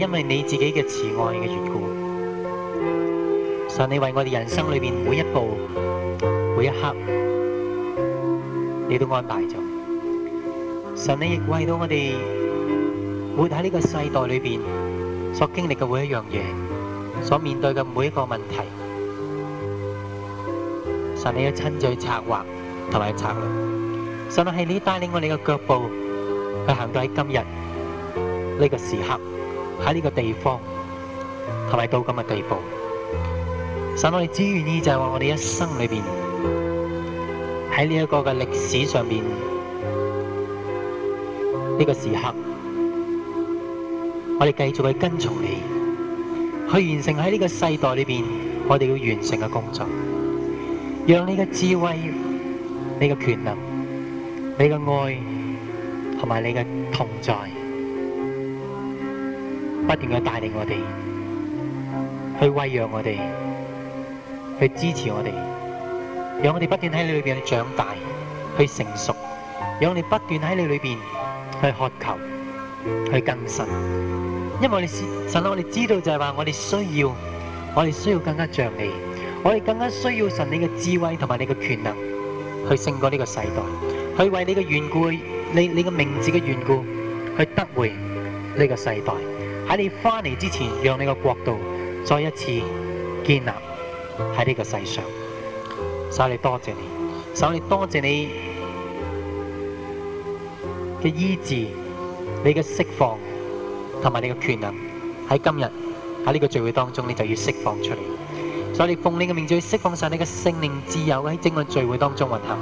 因為你自己嘅慈愛嘅緣故，神你為我哋人生裏面每一步、每一刻，你都安排咗。神你亦為到我哋每喺呢個世代裏面所經歷嘅每一樣嘢，所面對嘅每一個問題，神你要親自策劃同埋策略，神係你帶領我哋嘅腳步，去行到喺今日呢個時刻。喺呢個地方，同埋到咁嘅地步，神我哋只願意就係話，我哋一生裏面喺呢個嘅歷史上面呢個時刻，我哋繼續去跟隨你，去完成喺呢個世代裏面我哋要完成嘅工作，讓你嘅智慧、你嘅權能、你嘅愛同埋你嘅同在，不斷去帶領我哋，去餵養我哋，去支持我哋，讓我哋不斷喺你裏邊去長大，去成熟，讓我哋不斷喺你裏邊去渴求，去更新。因為我哋神，神我哋知道就係話，我哋需要，我哋需要更加仗義，我哋更加需要神你嘅智慧同埋你嘅權能，去勝過呢個世代，去為你嘅緣故，你你嘅名字嘅緣故，去得回呢個世代。喺你翻嚟之前，讓你個國度再一次建立喺呢個世上。所以你多謝你，所以你多謝你嘅醫治，你嘅釋放同埋你嘅權能喺今日喺呢個聚會當中，你就要釋放出嚟。所以你奉你嘅名，就要釋放晒你嘅聖靈自由喺整個聚會當中運行。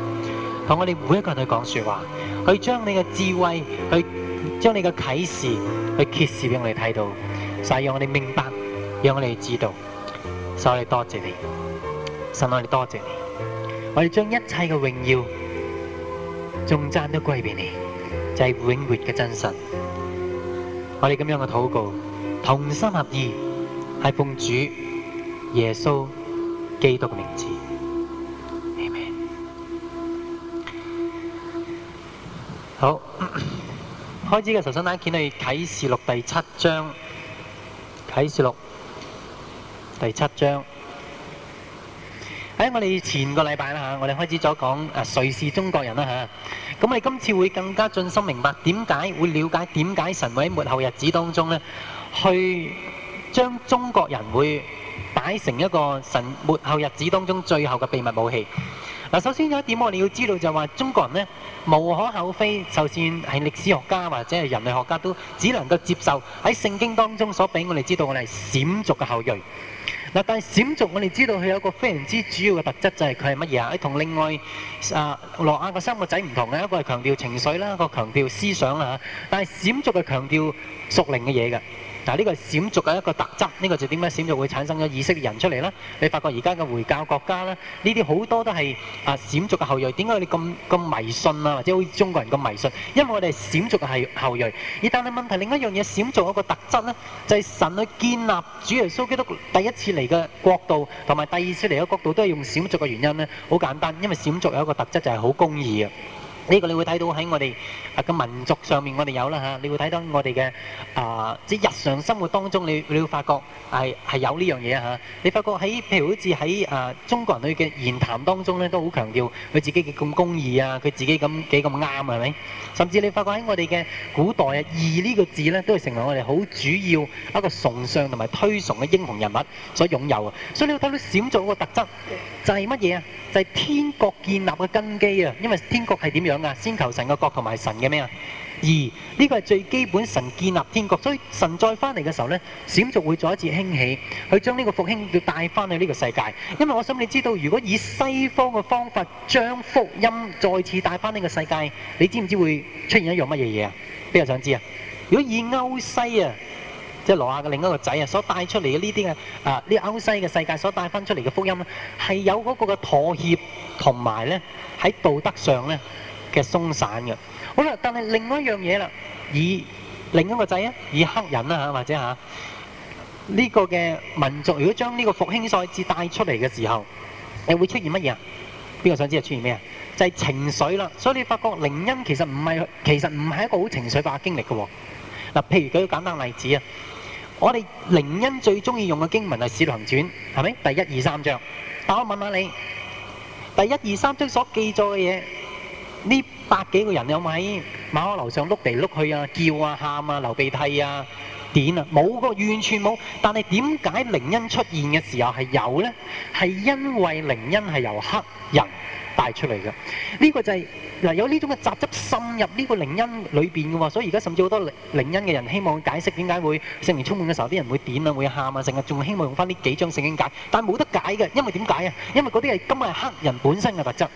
同我哋每一個人去講說話，去將你嘅智慧，去將你嘅啟示。去揭示畀我哋睇到，就係讓我哋明白，讓我哋知道，所以多謝你，神愛我哋多謝你，我哋將一切嘅榮耀，盡讚都歸俾你，就係永活嘅真神。我哋咁樣嘅禱告，同心合意，係奉主耶穌基督嘅名字，阿門。好。開始嘅時候，新單見去啟示錄第七章，啟示錄第七章。喺、哎、我哋前個禮拜啦嚇，我哋開始咗講啊誰是中國人啦嚇咁、啊、我哋今次會更加盡心明白點解會了解點解神會喺末後日子當中咧，去將中國人會擺成一個神末後日子當中最後嘅秘密武器。嗱，首先有一點我哋要知道就係話，中國人咧無可厚非，就算係歷史學家或者係人類學家都只能夠接受喺聖經當中所俾我哋知道我哋係閃族嘅後裔。嗱，但係閃族我哋知道佢有個非常之主要嘅特質，就係佢係乜嘢啊？同另外啊羅亞個三個仔唔同嘅一個係強調情緒啦，一個強調思想啦嚇，但係閃族係強調屬靈嘅嘢嘅。嗱，呢個係閃族嘅一個特質，呢個就點解閃族會產生咗以色列人出嚟咧？你發覺而家嘅回教國家咧，呢啲好多都係啊閃族嘅後裔。點解我哋咁咁迷信啊？或者好似中國人咁迷信？因為我哋閃族係後裔。而但係問題另一樣嘢，閃族嗰個特質咧，就係神去建立主耶穌基督第一次嚟嘅國度，同埋第二次嚟嘅國度都係用閃族嘅原因咧。好簡單，因為閃族有一個特質就係好公義嘅。呢個你會睇到喺我哋啊個民族上面，我哋有啦嚇。你會睇到我哋嘅啊，即係日常生活當中，你你會發覺係係有呢樣嘢嚇。你發覺喺譬如好似喺啊中國人嘅言談當中咧，都好強調佢自己嘅咁公義啊，佢自己咁幾咁啱係咪？甚至你發覺喺我哋嘅古代啊，義呢個字咧，都係成為我哋好主要一個崇尚同埋推崇嘅英雄人物所擁有。所以你會睇到少數嘅特質就係乜嘢啊？就係天國建立嘅根基啊！因為天國係點樣？啊！先求神嘅國同埋神嘅咩啊？而呢個係最基本，神建立天國，所以神再翻嚟嘅時候咧，閃族會再一次興起，去將呢個復興要帶翻去呢個世界。因為我想你知道，如果以西方嘅方法將福音再次帶翻呢個世界，你知唔知會出現一樣乜嘢嘢啊？邊個想知啊？如果以歐西啊，即係羅亞嘅另一個仔啊，所帶出嚟嘅呢啲嘅啊，呢歐西嘅世界所帶翻出嚟嘅福音咧，係有嗰個嘅妥協同埋咧喺道德上咧。嘅鬆散嘅，好啦，但係另外一樣嘢啦，以另一個仔啊，以黑人啦嚇或者嚇呢、這個嘅民族，如果將呢個復興賽節帶出嚟嘅時候，你會出現乜嘢啊？邊個想知啊？出現咩啊？就係、是、情緒啦。所以你發覺靈恩其實唔係，其實唔係一個好情緒化經歷嘅喎。嗱、啊，譬如舉個簡單例子啊，我哋靈恩最鍾意用嘅經文係《使徒行傳》，係咪？第一二三章，但我問下你，第一二三章所記載嘅嘢。呢百幾個人有冇喺馬可樓上碌嚟碌去啊叫啊喊啊流鼻涕啊點啊冇個完全冇，但係點解靈恩出現嘅時候係有呢？係因為靈恩係由黑人帶出嚟㗎。呢個就係嗱有呢種嘅雜質滲入呢個靈恩裏邊㗎喎，所以而家甚至好多靈靈恩嘅人希望解釋點解會聖靈充滿嘅時候啲人會點啊會喊啊，成日仲希望用翻呢幾張聖經解，但係冇得解嘅，因為點解啊？因為嗰啲係今日係黑人本身嘅特質。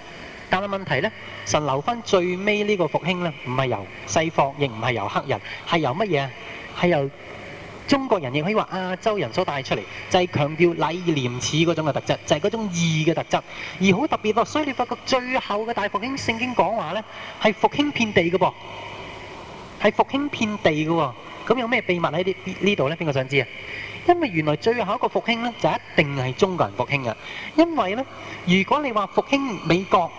但係問題呢，神留返最尾呢個復興呢，唔係由西方，亦唔係由黑人，係由乜嘢？係由中國人，亦可以話亞洲人所帶出嚟，就係、是、強調禮義廉恥嗰種嘅特質，就係、是、嗰種義嘅特質，而好特別喎、哦。所以你發覺最後嘅大復興，聖經講話呢，係復興遍地嘅喎、哦。係復興遍地嘅喎、哦。咁有咩秘密喺呢度呢？邊個想知啊？因為原來最後一個復興呢，就一定係中國人復興㗎！因為呢，如果你話復興美國。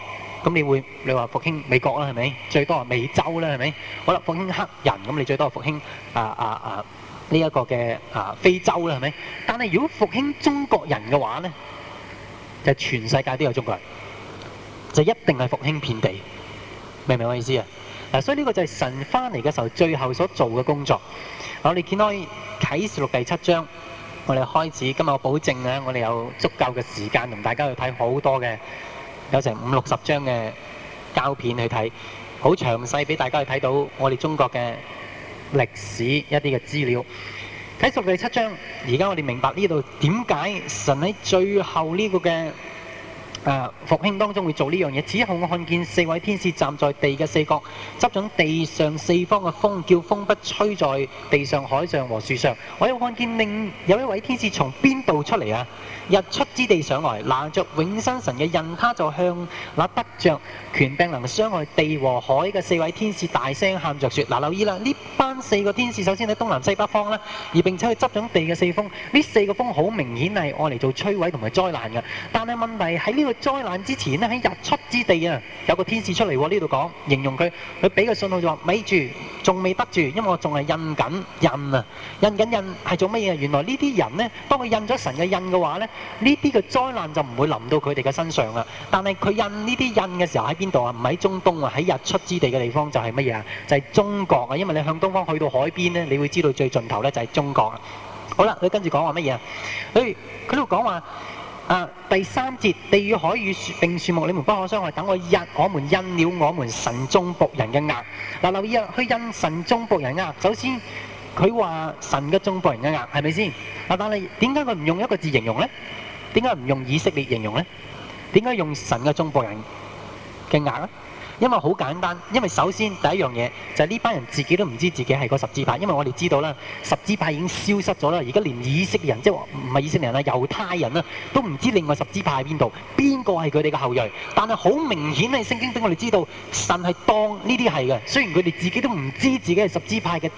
咁你會，你話復興美國啦，係咪？最多係美洲啦，係咪？好啦，復興黑人，咁你最多係復興啊啊啊呢一個嘅啊非洲啦，係咪？但係如果復興中國人嘅話咧，就全世界都有中國人，就一定係復興遍地，明唔明我意思啊？嗱，所以呢個就係神翻嚟嘅時候最後所做嘅工作。我哋見開啟示錄第七章，我哋開始。今日我保證咧，我哋有足夠嘅時間同大家去睇好多嘅。有成五六十張嘅膠片去睇，好詳細俾大家去睇到我哋中國嘅歷史一啲嘅資料。繼續第七章，而家我哋明白呢度點解神喺最後呢個嘅誒、啊、復興當中會做呢樣嘢。此後我看見四位天使站在地嘅四角，執掌地上四方嘅風，叫風不吹在地上、海上和樹上。我又看見另有一位天使從邊度出嚟啊？日出之地上來，拿着永生神嘅印，他就向那得着權柄能傷害地和海嘅四位天使大聲喊着説：嗱，留意啦！呢班四個天使首先喺東南西北方啦，而並且去執掌地嘅四風。呢四個風好明顯係愛嚟做摧毀同埋災難嘅。但係問題喺呢個災難之前呢，喺日出之地啊，有個天使出嚟喎。呢度講形容佢，佢俾個信號就話：咪住，仲未得住，因為我仲係印緊印啊！印緊印係做乜嘢？原來呢啲人呢，當佢印咗神嘅印嘅話呢。」呢啲嘅災難就唔會臨到佢哋嘅身上啦，但係佢印呢啲印嘅時候喺邊度啊？唔喺中東啊，喺日出之地嘅地方就係乜嘢啊？就係中國啊！因為你向東方去到海邊咧，你會知道最盡頭咧就係中國啊！好啦，佢跟住講話乜嘢啊？佢喺度講話啊，第三節，地與海與樹並樹木，你們不可傷害。等我印，我們印了我們神眾僕人嘅額。嗱、啊，留意啊，去印神眾僕人額，首先。佢話神嘅中國人嘅額係咪先？啊，但係點解佢唔用一個字形容呢？點解唔用以色列形容呢？點解用神嘅中國人嘅額呢？因為好簡單，因為首先第一樣嘢就係呢班人自己都唔知自己係個十支派，因為我哋知道啦，十支派已經消失咗啦，而家連以色，以色列人即係話唔係以色列人啦，猶太人啦，都唔知另外十支派喺邊度，邊個係佢哋嘅後裔。但係好明顯係聖經俾我哋知道，神係當呢啲係嘅，雖然佢哋自己都唔知自己係十支派嘅。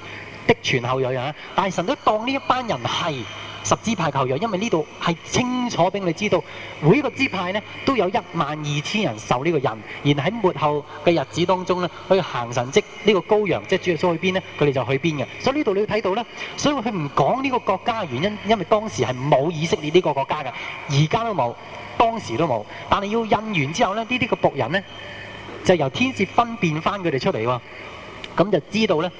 的傳後裔啊！但神都當呢一班人係十支派後裔，因為呢度係清楚俾你知道，每一個支派呢都有一萬二千人受呢個人。然喺末後嘅日子當中呢，去行神跡，呢、這個羔羊即係主耶穌出去邊呢？佢哋就去邊嘅。所以呢度你要睇到呢，所以佢唔講呢個國家原因，因為當時係冇以色列呢個國家嘅，而家都冇，當時都冇。但係要印完之後呢，呢啲個僕人呢，就由天使分辨翻佢哋出嚟喎，咁就知道呢。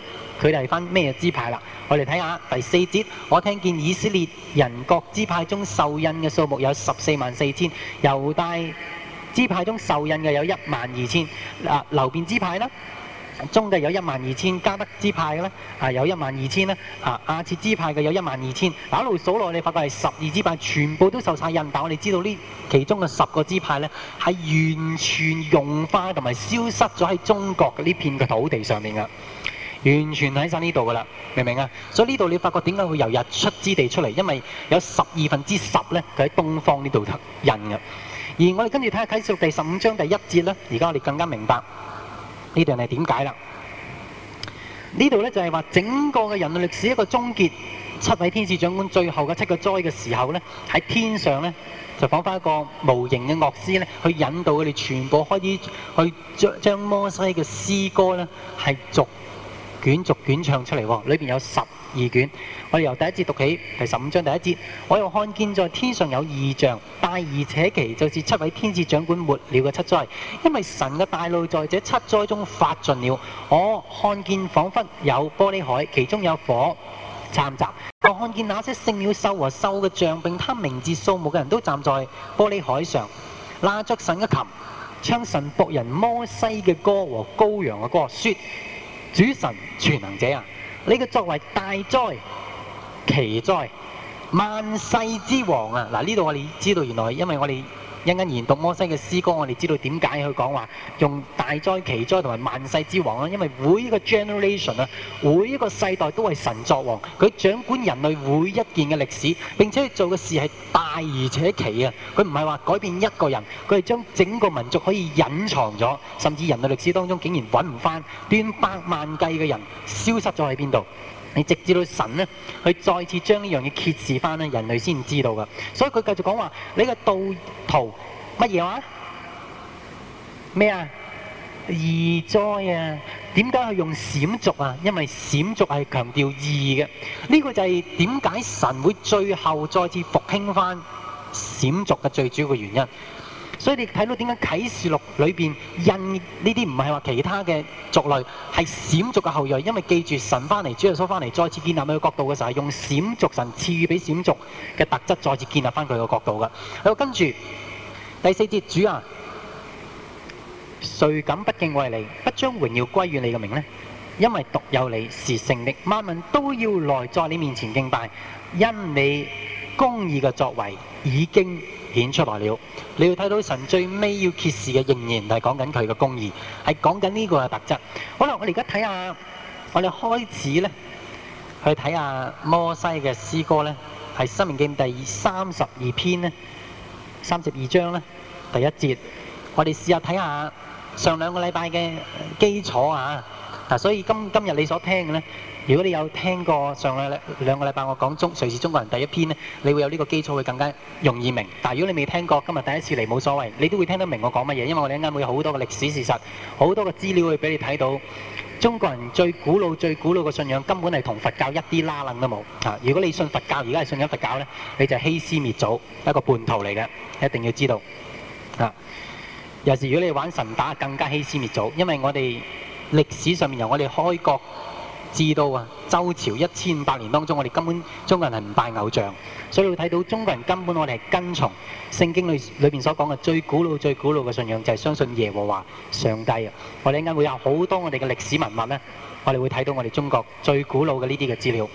佢哋係翻咩支派啦？我哋睇下第四節，我聽見以色列人各支派中受印嘅數目有十四萬四千，猶大支派中受印嘅有一萬二千，啊流便支派啦，中嘅有一萬二千，迦得支派嘅咧啊有一萬二千咧，啊，一萬二千，啊亞設支派嘅有一萬二千,一萬二千，打攏數落你發覺係十二支派全部都受晒印，但係我哋知道呢其中嘅十個支派咧係完全融化同埋消失咗喺中國嘅呢片嘅土地上面噶。完全喺晒呢度噶啦，明唔明啊？所以呢度你發覺點解會由日出之地出嚟？因為有十二分之十呢，佢喺東方呢度印噶。而我哋跟住睇下啟示錄第十五章第一節呢，而家我哋更加明白這是為什麼這呢段係點解啦。呢度呢，就係話整個嘅人類歷史一個終結，七位天使長官最後嘅七個災嘅時候呢，喺天上呢，就仿翻一個無形嘅樂師呢，去引導佢哋全部可以去將摩西嘅詩歌呢，係逐。卷逐卷唱出嚟喎、哦，裏面有十二卷。我哋由第一節讀起，係十五章第一節。我又看見在天上有異象，大而且奇，就是七位天使掌管末了嘅七災，因為神嘅大怒在這七災中發盡了。我、哦、看見仿佛有玻璃海，其中有火摻雜。我看見那些勝了獸和獸嘅像並他名字數目嘅人都站在玻璃海上，拉著神嘅琴，唱神僕人摩西嘅歌和羔羊嘅歌，説。主神全能者啊！你嘅作為大災奇災，萬世之王啊！嗱，呢度我哋知道原來，因為我哋。啱啱研讀摩西嘅詩歌，我哋知道點解佢講話用大哉奇哉同埋萬世之王啊，因為每一個 generation 啊，每一個世代都係神作王，佢掌管人類每一件嘅歷史，並且佢做嘅事係大而且奇啊。佢唔係話改變一個人，佢係將整個民族可以隱藏咗，甚至人類歷史當中竟然揾唔翻，變百萬計嘅人消失咗喺邊度。你直至到神咧，去再次將呢樣嘢揭示翻咧，人類先知道㗎。所以佢繼續講話：你個道途乜嘢話？咩啊？異哉啊？點解佢用閃族啊？因為閃族係強調異嘅。呢、這個就係點解神會最後再次復興翻閃族嘅最主要嘅原因。所以你睇到點解啟示錄裏面印呢啲唔係話其他嘅族類，係閃族嘅後裔，因為記住神翻嚟，主耶穌翻嚟，再次建立佢個國度嘅時候，用閃族神賜予俾閃族嘅特質，再次建立翻佢個國度嘅。好，跟住第四節，主啊，誰敢不敬畏你，不將榮耀歸於你嘅名呢？因為獨有你是聖的，萬民都要來在你面前敬拜，因你公義嘅作為已經。片出嚟了，你要睇到神最尾要揭示嘅仍然係講緊佢嘅公義，係講緊呢個嘅特質。好啦，我哋而家睇下，我哋開始咧去睇下摩西嘅詩歌咧，係《申命記》第三十二篇咧，三十二章咧第一節，我哋試下睇下上兩個禮拜嘅基礎啊嗱，所以今今日你所聽嘅咧。如果你有聽過上兩個兩個禮拜我講中，誰是中國人第一篇呢，你會有呢個基礎會更加容易明。但如果你未聽過，今日第一次嚟冇所謂，你都會聽得明我講乜嘢，因為我哋一間會有好多嘅歷史事實，好多嘅資料會俾你睇到。中國人最古老最古老嘅信仰根本係同佛教一啲拉楞都冇。啊，如果你信佛教而家係信仰佛教呢，你就係欺師滅祖，一個叛徒嚟嘅，一定要知道。啊，有時如果你玩神打，更加欺師滅祖，因為我哋歷史上面由我哋開國。知道啊，周朝一千百年當中，我哋根本中國人係唔拜偶像，所以會睇到中國人根本我哋係跟從聖經裏裏邊所講嘅最古老、最古老嘅信仰就係相信耶和華上帝啊！我哋應該會有好多我哋嘅歷史文物咧，我哋會睇到我哋中國最古老嘅呢啲嘅資料。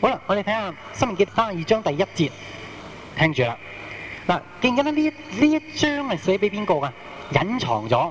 好啦，我哋睇下申命記三十二章第一節，聽住啦。嗱，記唔記得呢？呢一章係寫俾邊個㗎？隱藏咗。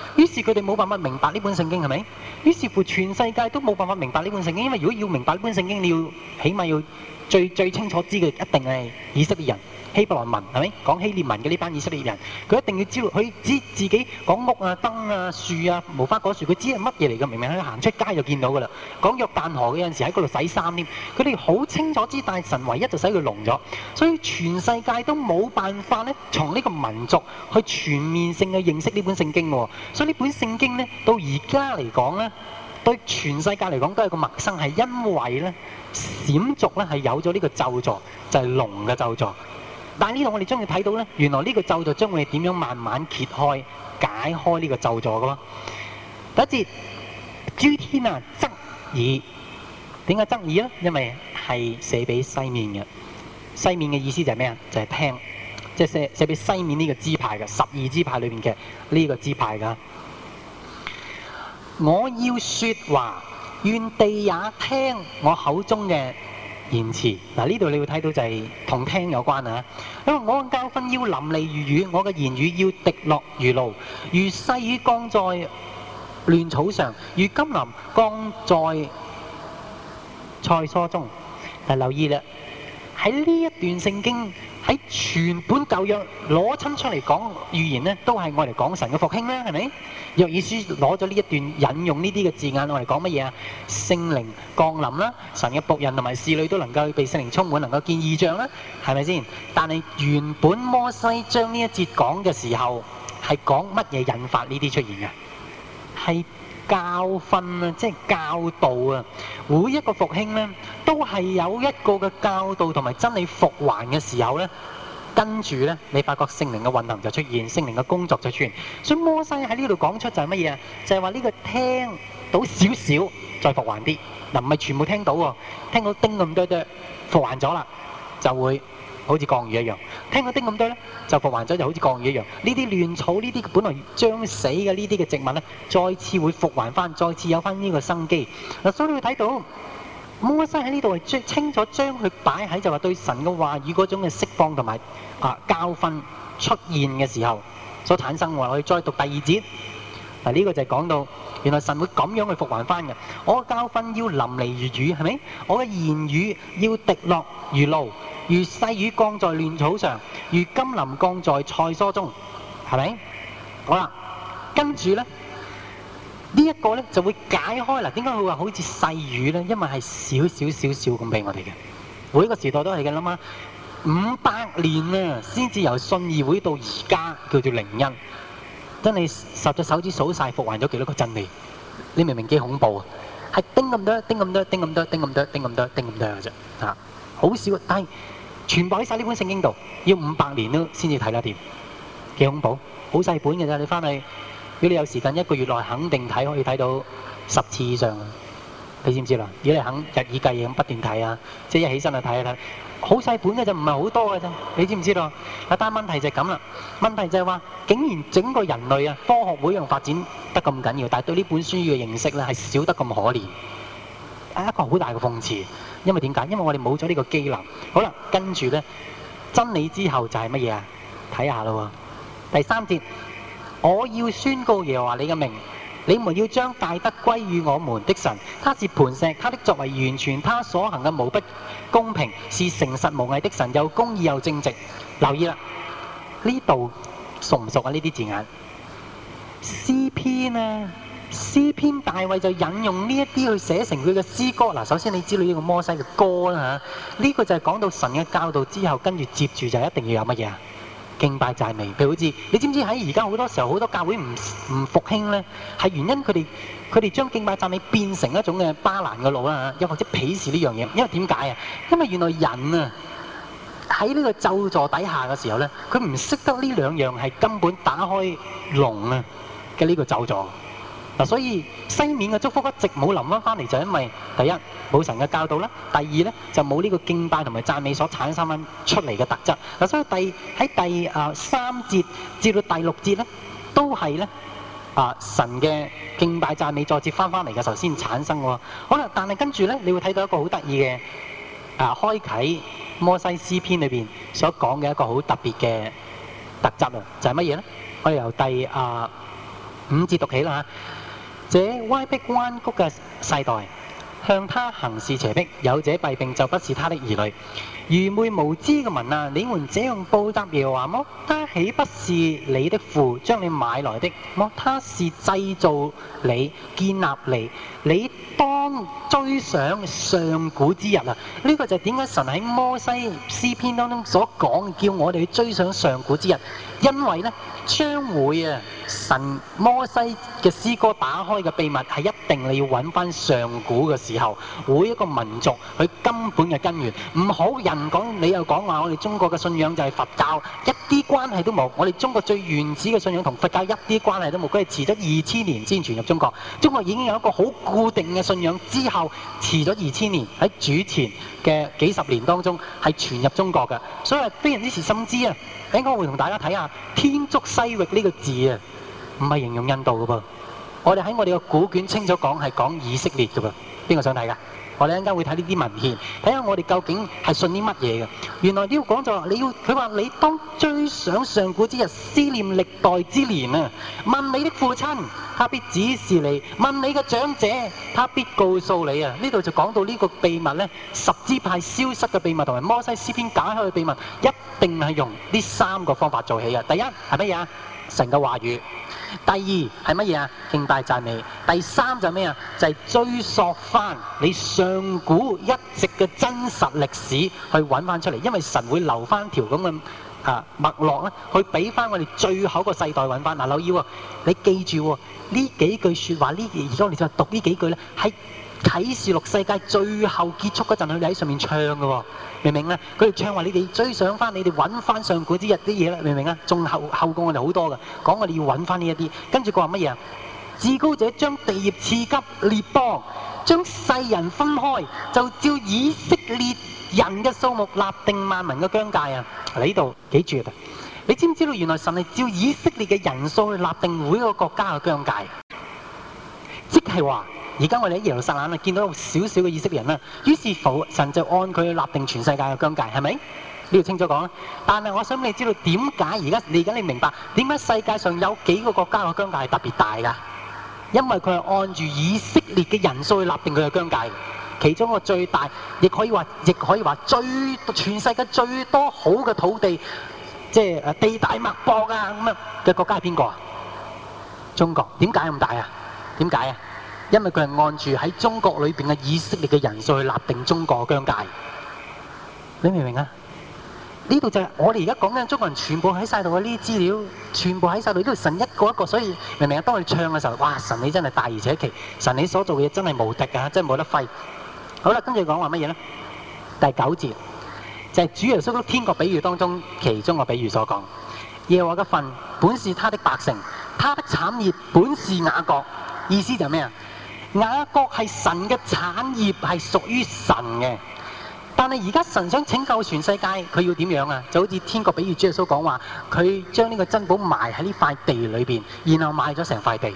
於是佢哋冇辦法明白呢本聖經係咪？於是乎全世界都冇辦法明白呢本聖經，因為如果要明白呢本聖經，你要起碼要最最清楚知道一定係以色列人。希伯來文係咪講希臘文嘅呢班以色列人？佢一定要知道，佢知自己講屋啊、燈啊、樹啊、無花果樹，佢知係乜嘢嚟㗎？明明喺度行出街就見到㗎啦。講約旦河嗰陣時喺嗰度洗衫添，佢哋好清楚知大神唯一就使佢聾咗，所以全世界都冇辦法咧，從呢個民族去全面性嘅認識呢本聖經喎。所以本聖呢本聖經咧，到而家嚟講咧，對全世界嚟講都係個陌生，係因為咧閃族咧係有咗呢個咒詛，就係聾嘅咒詛。但呢度我哋將佢睇到咧，原來呢個咒就將我哋點樣慢慢揭開、解開呢個咒詛噶。第一節，諸天啊，側耳，點解側耳咧？因為係寫俾西面嘅，西面嘅意思就係咩啊？就係、是、聽，即係寫寫俾西面呢個支派嘅，十二支派裏邊嘅呢個支派噶。我要說話，願地也聽我口中嘅言詞嗱，呢度你要睇到就係同聽有關啊，因、啊、為我嘅教訓要淋漓如雨，我嘅言語要滴落如露，如細雨降在亂草上，如甘霖降在菜蔬中。誒、啊，留意啦，喺呢一段聖經。喺全本舊約攞親出嚟講預言呢，都係我哋講神嘅復興啦，係咪？約珥書攞咗呢一段引用呢啲嘅字眼，我哋講乜嘢啊？聖靈降臨啦，神嘅僕人同埋侍女都能夠被聖靈充滿，能夠見異象啦，係咪先？但係原本摩西將呢一節講嘅時候，係講乜嘢引發呢啲出現嘅？係。教訓啊，即係教導啊，每一個復興咧，都係有一個嘅教導同埋真理復還嘅時候咧，跟住咧，你發覺聖靈嘅運行就出現，聖靈嘅工作就出現。所以摩西喺呢度講出就係乜嘢啊？就係話呢個聽到少少再復還啲，嗱唔係全部聽到喎，聽到叮咁多就復還咗啦，就會。好似降雨一樣，聽佢叮咁多咧，就復還咗，就好似降雨一樣。呢啲亂草，呢啲本來將死嘅呢啲嘅植物咧，再次會復還翻，再次有翻呢個生機。嗱、啊，所以你會睇到摩西喺呢度係最清楚將佢擺喺就話對神嘅話語嗰種嘅釋放同埋啊教訓出現嘅時候，所產生喎。我哋再讀第二節。嗱，呢個就係講到，原來神會咁樣去復還翻嘅。我嘅教訓要淋漓如雨，係咪？我嘅言語要滴落如露，如細雨降在嫩草上，如甘霖降在菜蔬中，係咪？好啦，跟住呢，呢一個呢就會解開喇。嗱，點解佢話好似細雨呢？因為係少少少少咁俾我哋嘅。每一個時代都係嘅啦嘛，五百年啊，先至由信義會到而家叫做靈恩。等你十隻手指數曬復還咗幾多個真理？你明明幾恐怖啊！係叮咁多、叮咁多、叮咁多、叮咁多、叮咁多、叮咁多嘅啫，嚇好少啊！但係全部喺曬呢本聖經度，要五百年都先至睇得掂，幾恐怖？好細本嘅咋？你翻去如果你有時間，一個月內肯定睇可以睇到十次以上，你知唔知啦？如果你肯日以繼夜咁不斷睇啊，即係一起身就睇啦。好細本嘅就唔係好多嘅啫，你知唔知道？但係問題就係咁啦，問題就係話，竟然整個人類啊，科學每樣發展得咁緊要，但係對呢本書嘅認識咧係少得咁可憐，係一個好大嘅諷刺。因為點解？因為我哋冇咗呢個機能。好啦，跟住咧，真理之後就係乜嘢啊？睇下啦喎。第三節，我要宣告耶和華你嘅名。你們要將大德歸於我們的神，他是磐石，他的作為完全，他所行嘅無不公平，是誠實無偽的神，又公義又正直。留意啦，呢度熟唔熟啊？呢啲字眼。詩篇呢、啊？詩篇大衛就引用呢一啲去寫成佢嘅詩歌。嗱，首先你知道呢個摩西嘅歌啦吓，呢個就係講到神嘅教導之後，跟住接住就一定要有乜嘢？敬拜讚美，譬如好似你知唔知喺而家好多時候好多教會唔唔復興咧，係原因佢哋佢哋將敬拜讚美變成一種嘅巴蘭嘅路啊，又或者鄙視呢樣嘢，因為點解啊？因為原來人啊喺呢個咒詛底下嘅時候咧，佢唔識得呢兩樣係根本打開籠啊嘅呢個咒詛。所以西面嘅祝福一直冇臨翻翻嚟，就因為第一冇神嘅教導啦，第二咧就冇呢個敬拜同埋讚美所產生出嚟嘅特質。嗱，所以在第喺第啊三節至到第六節咧，都係咧啊神嘅敬拜讚美再接翻翻嚟嘅時候先產生嘅。好啦，但係跟住咧，你會睇到一個好得意嘅啊，開啓摩西詩篇裏邊所講嘅一個好特別嘅特質啊，就係乜嘢咧？我哋由第啊五節讀起啦嚇。這歪僻彎曲嘅世代，向他行事邪僻，有這弊病就不是他的兒女。愚昧無知嘅民啊，你們這樣報答耶和華麼？他豈不是你的父，將你買來的麼？他是製造你、建立你，你當追想上古之日啊！呢、這個就係點解神喺摩西詩篇當中所講，叫我哋去追想上古之日？因為呢，將會啊神摩西嘅詩歌打開嘅秘密係一定你要揾返上古嘅時候，每一個民族佢根本嘅根源，唔好人講，你又講話我哋中國嘅信仰就係佛教，一啲關係都冇。我哋中國最原始嘅信仰同佛教一啲關係都冇，佢係遲咗二千年先傳入中國。中國已經有一個好固定嘅信仰之後，遲咗二千年喺主前。嘅幾十年當中係傳入中國嘅，所以非常之是深知啊！應該會同大家睇下天竺西域呢個字啊，唔係形容印度嘅噃，我哋喺我哋嘅古卷清楚講係講以色列嘅噃，邊個想睇㗎？我哋陣間會睇呢啲文獻，睇下我哋究竟係信啲乜嘢嘅。原來呢個講就話你要，佢話你當追想上古之日，思念歷代之年啊！問你的父親，他必指示你；問你嘅長者，他必告訴你啊！呢度就講到呢個秘密咧，十支派消失嘅秘密同埋摩西詩篇解開嘅秘密，一定係用呢三個方法做起嘅！第一係乜嘢啊？神嘅話語，第二係乜嘢啊？敬拜讚美，第三就咩啊？就係、是、追溯翻你上古一直嘅真實歷史，去揾翻出嚟。因為神會留翻條咁嘅啊脈絡咧，去俾翻我哋最後一個世代揾翻。嗱，留意、哦、你記住呢、哦、幾句說話，呢而家就讀呢幾句咧，喺。啟示錄世界最後結束嗰陣，佢哋喺上面唱嘅、哦，明唔明啊？佢哋唱話：你哋追上翻，你哋揾翻上古之日啲嘢啦，明唔明啊？仲後後功我哋好多嘅，講我哋要揾翻呢一啲。跟住佢話乜嘢啊？至高者將地業賜給列邦，將世人分開，就照以色列人嘅數目立定萬民嘅疆界啊！你呢度幾絕？啊！你知唔知道原來神係照以色列嘅人數去立定每個國家嘅疆界，即係話。而家我哋喺耶路撒冷啊，見到少少嘅以色列人啊，於是乎神就按佢立定全世界嘅疆界，係咪？呢度清楚講啦。但係我想你知道點解而家你而家你明白點解世界上有幾個國家嘅疆界係特別大㗎？因為佢係按住以色列嘅人數去立定佢嘅疆界。其中一個最大，亦可以話，亦可以話最全世界最多好嘅土地，即係地大物博啊咁樣嘅國家係邊個啊？中國點解咁大啊？點解啊？因為佢係按住喺中國裏邊嘅以色列嘅人數去立定中國嘅疆界，你明唔明啊？呢度就係我哋而家講緊中國人全部喺晒度嘅。呢啲資料全部喺晒度，呢度神一個一個，所以明唔明啊？當佢唱嘅時候，哇！神你真係大而且奇，神你所做嘅嘢真係無敵啊！真係冇得揮。好啦，跟住講話乜嘢咧？第九節就係、是、主耶穌喺天國比喻當中其中個比喻所講：耶和華嘅份本是他的百姓，他的產業本是雅各。意思就係咩啊？雅各係神嘅產業，係屬於神嘅。但係而家神想拯救全世界，佢要點樣啊？就好似天國比喻，耶穌講話，佢將呢個珍寶埋喺呢塊地裏邊，然後買咗成塊地。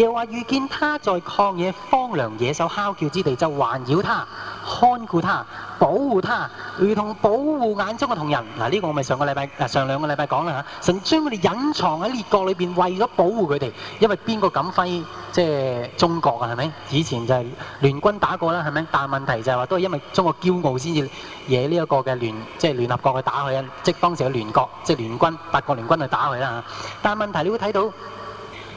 又話遇見他在曠野荒涼野獸哮叫之地，就環繞他看顧他保護他，如同保護眼中嘅瞳人。嗱、啊，呢、這個我咪上個禮拜、啊、上兩個禮拜講啦嚇，神將佢哋隱藏喺列國裏邊，為咗保護佢哋。因為邊個敢揮即係中國啊？係咪？以前就係聯軍打過啦，係咪？但問題就係、是、話都係因為中國驕傲先至惹呢一個嘅聯即係聯合國去打佢啊，即係當時嘅聯國即係聯軍八國聯軍去打佢啦嚇。但問題你會睇到。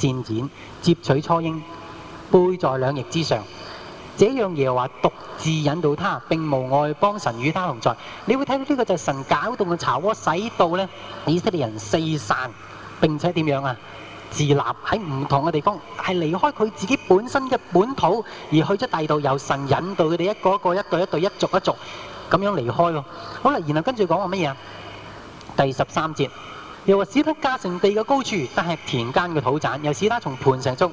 搧展接取雛鷹，背在兩翼之上。這樣耶和華獨自引導他，並無外邦神與他同在。你會睇到呢個就係神攪動嘅巢窩，使到呢以色列人四散，並且點樣啊？自立喺唔同嘅地方，係離開佢自己本身嘅本土，而去咗第度由神引導佢哋一個一個、一對一對、一族一族咁樣離開咯。好啦，然後跟住講話乜嘢啊？第十三節。又話使他加成地嘅高處，但係田間嘅土產，又使他從磐石中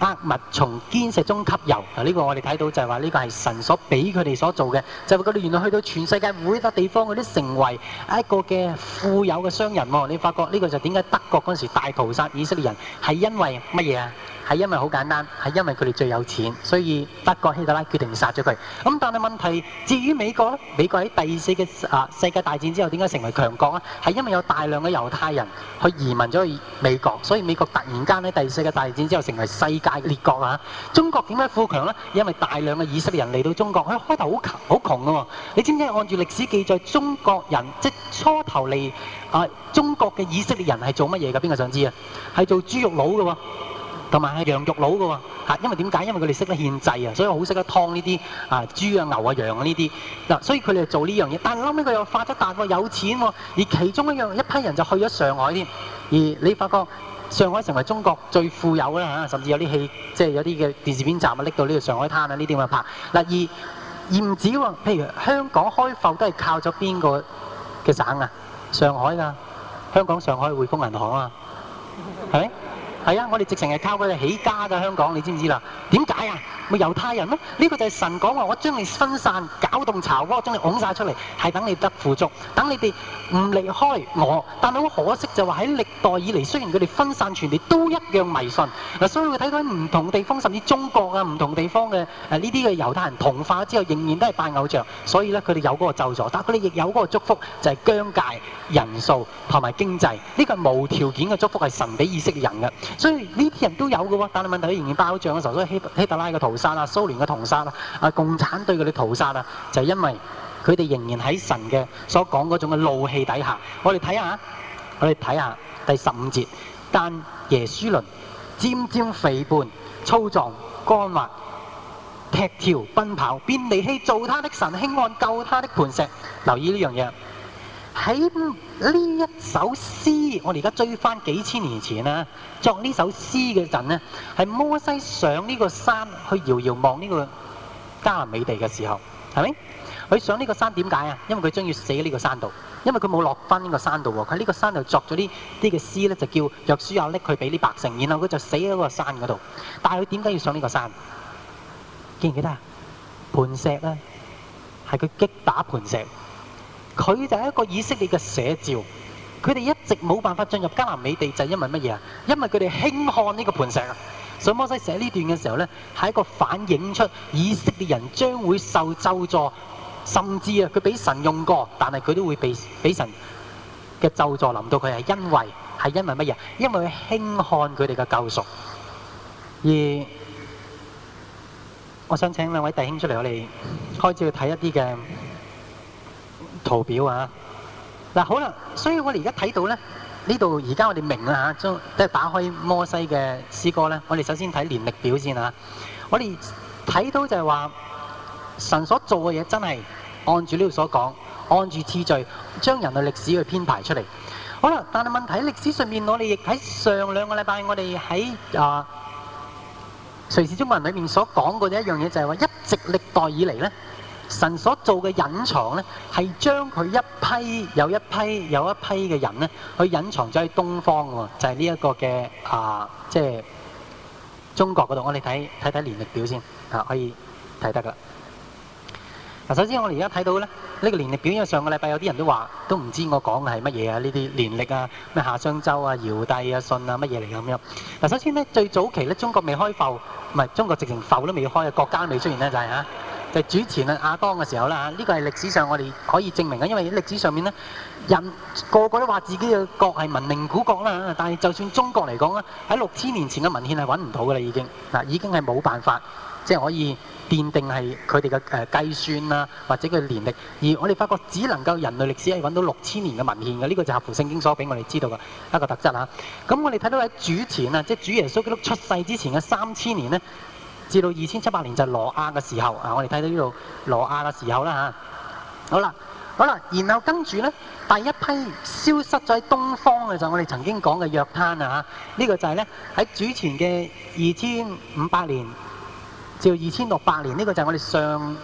得物，從堅石中吸油。嗱，呢個我哋睇到就係話呢個係神所俾佢哋所做嘅。就係佢哋原來去到全世界每一個地方，嗰啲成為一個嘅富有嘅商人。你發覺呢個就點解德國嗰時大屠殺以色列人係因為乜嘢啊？係因為好簡單，係因為佢哋最有錢，所以德國希特拉決定殺咗佢。咁、嗯、但係問題，至於美國咧，美國喺第四嘅啊世界大戰之後點解成為強國啊？係因為有大量嘅猶太人去移民咗去美國，所以美國突然間喺第四次嘅大戰之後成為世界列國啊！中國點解富強咧？因為大量嘅以色列人嚟到中國，佢開頭好窮好窮啊。你知唔知按住歷史記載，中國人即、就是、初頭嚟啊中國嘅以色列人係做乜嘢嘅？邊個想知啊？係做豬肉佬嘅喎、哦。同埋係羊肉佬㗎喎，因為點解？因為佢哋識得獻祭得啊，啊，所以好識得劏呢啲啊，豬啊、牛啊、羊啊呢啲嗱，所以佢哋做呢樣嘢。但係後尾佢又發得大喎，有錢喎、啊。而其中一樣一批人就去咗上海添。而你發覺上海成為中國最富有啦、啊、甚至有啲戲，即係有啲嘅電視片站啊，拎到呢個上海灘啊呢啲咁啊拍嗱。而唔止喎，譬如香港開埠都係靠咗邊個嘅省啊？上海㗎、啊，香港上海匯豐銀行啊，係咪。 係啊，我哋直情係靠佢哋起家㗎，香港你知唔知啦？點解啊？咪猶太人咯，呢個就係神講話，我將你分散，搞動巢窩將你搵曬出嚟，係等你得富足，等你哋唔離開我。但係好可惜就話喺歷代以嚟，雖然佢哋分散全地都一樣迷信，所以佢睇到喺唔同地方，甚至中國啊唔同地方嘅呢啲嘅猶太人同化之後，仍然都係拜偶像。所以呢，佢哋有嗰個咒詛，但係佢哋亦有嗰個祝福，就係疆界、人數同埋經濟。呢個係無條件嘅祝福，係神俾以色列人㗎。所以呢啲人都有㗎喎，但係問題仍然爆仗嘅時候，所以希特拉嘅屠殺啦、蘇聯嘅屠殺啊、共產對佢啲屠殺啦，就係、是、因為佢哋仍然喺神嘅所講嗰種嘅怒氣底下。我哋睇下，我哋睇下第十五節，但耶書倫漸漸、漸漸肥胖、粗壯、乾滑、踢跳奔跑，便離棄造他的神，輕看救他的磐石。留意呢樣嘢。喺呢一首詩，我哋而家追翻幾千年前咧，作呢首詩嘅陣呢，係摩西上呢個山去遙遙望呢個迦南美地嘅時候，係咪？佢上呢個山點解啊？因為佢將要死喺呢個山度，因為佢冇落翻呢個山度喎。佢喺呢個山度作咗啲啲嘅詩咧，就叫約書亞拎佢俾啲百姓，然後佢就死喺嗰個山嗰度。但係佢點解要上呢個山？記唔記得啊？磐石咧，係佢擊打磐石。佢就係一個以色列嘅寫照，佢哋一直冇辦法進入迦南美地，就係因為乜嘢啊？因為佢哋輕看呢個磐石啊！所以摩西寫呢段嘅時候咧，係一個反映出以色列人將會受咒詛，甚至啊，佢俾神用過，但係佢都會被俾神嘅咒詛臨到佢，係因為係因為乜嘢？因為佢輕看佢哋嘅救贖。而我想請兩位弟兄出嚟，我哋開始去睇一啲嘅。圖表啊，嗱、啊、好啦，所以我哋而家睇到咧，呢度而家我哋明啦，吓，即係打開摩西嘅詩歌咧，我哋首先睇年曆表先啊，我哋睇到就係話神所做嘅嘢真係按住呢度所講，按住次序將人類歷史去編排出嚟。好啦，但係問題喺歷史上面，我哋亦喺上兩個禮拜我哋喺啊《瑞士中國人》裏面所講過嘅一樣嘢，就是，就係話一直歷代以嚟咧。神所做嘅隱藏咧，係將佢一批有一批有一批嘅人咧，去隱藏咗喺東方喎，就係呢一個嘅啊，即係中國嗰度。我哋睇睇睇年歷表先啊，可以睇得噶。嗱、啊，首先我哋而家睇到咧，呢、這個年歷表因為上個禮拜有啲人都話都唔知我講嘅係乜嘢啊，呢啲年歷啊，咩夏商周啊、堯帝啊、舜啊乜嘢嚟嘅。咁樣。嗱、啊，首先咧最早期咧中國未開埠，唔係中國直情埠都未開嘅國家未出現咧就係、是、嚇。就係主前嘅亞當嘅時候啦嚇，呢個係歷史上我哋可以證明嘅，因為喺歷史上面呢，人個個都話自己嘅國係文明古國啦，但係就算中國嚟講咧，喺六千年前嘅文獻係揾唔到嘅啦已經，嗱已經係冇辦法，即係可以奠定係佢哋嘅誒計算啊或者佢嘅年歷，而我哋發覺只能夠人類歷史係揾到六千年嘅文獻嘅，呢個就合乎聖經所俾我哋知道嘅一個特質嚇。咁我哋睇到喺主前啊，即係主耶穌基督出世之前嘅三千年呢。至到二千七百年就係羅亞嘅時候啊，我哋睇到呢度羅亞嘅時候啦嚇。好啦，好啦，然後跟住咧，第一批消失咗喺東方嘅就係我哋曾經講嘅約坍啊嚇。呢個就係咧喺主前嘅二千五百年至到二千六百年，呢個就係我哋上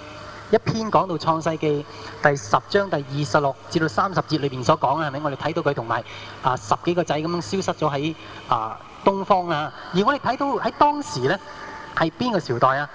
一篇講到創世記第十章第二十六至到三十節裏邊所講嘅，係咪？我哋睇到佢同埋啊十幾個仔咁樣消失咗喺啊東方啊，而我哋睇到喺當時咧。係邊個時代啊？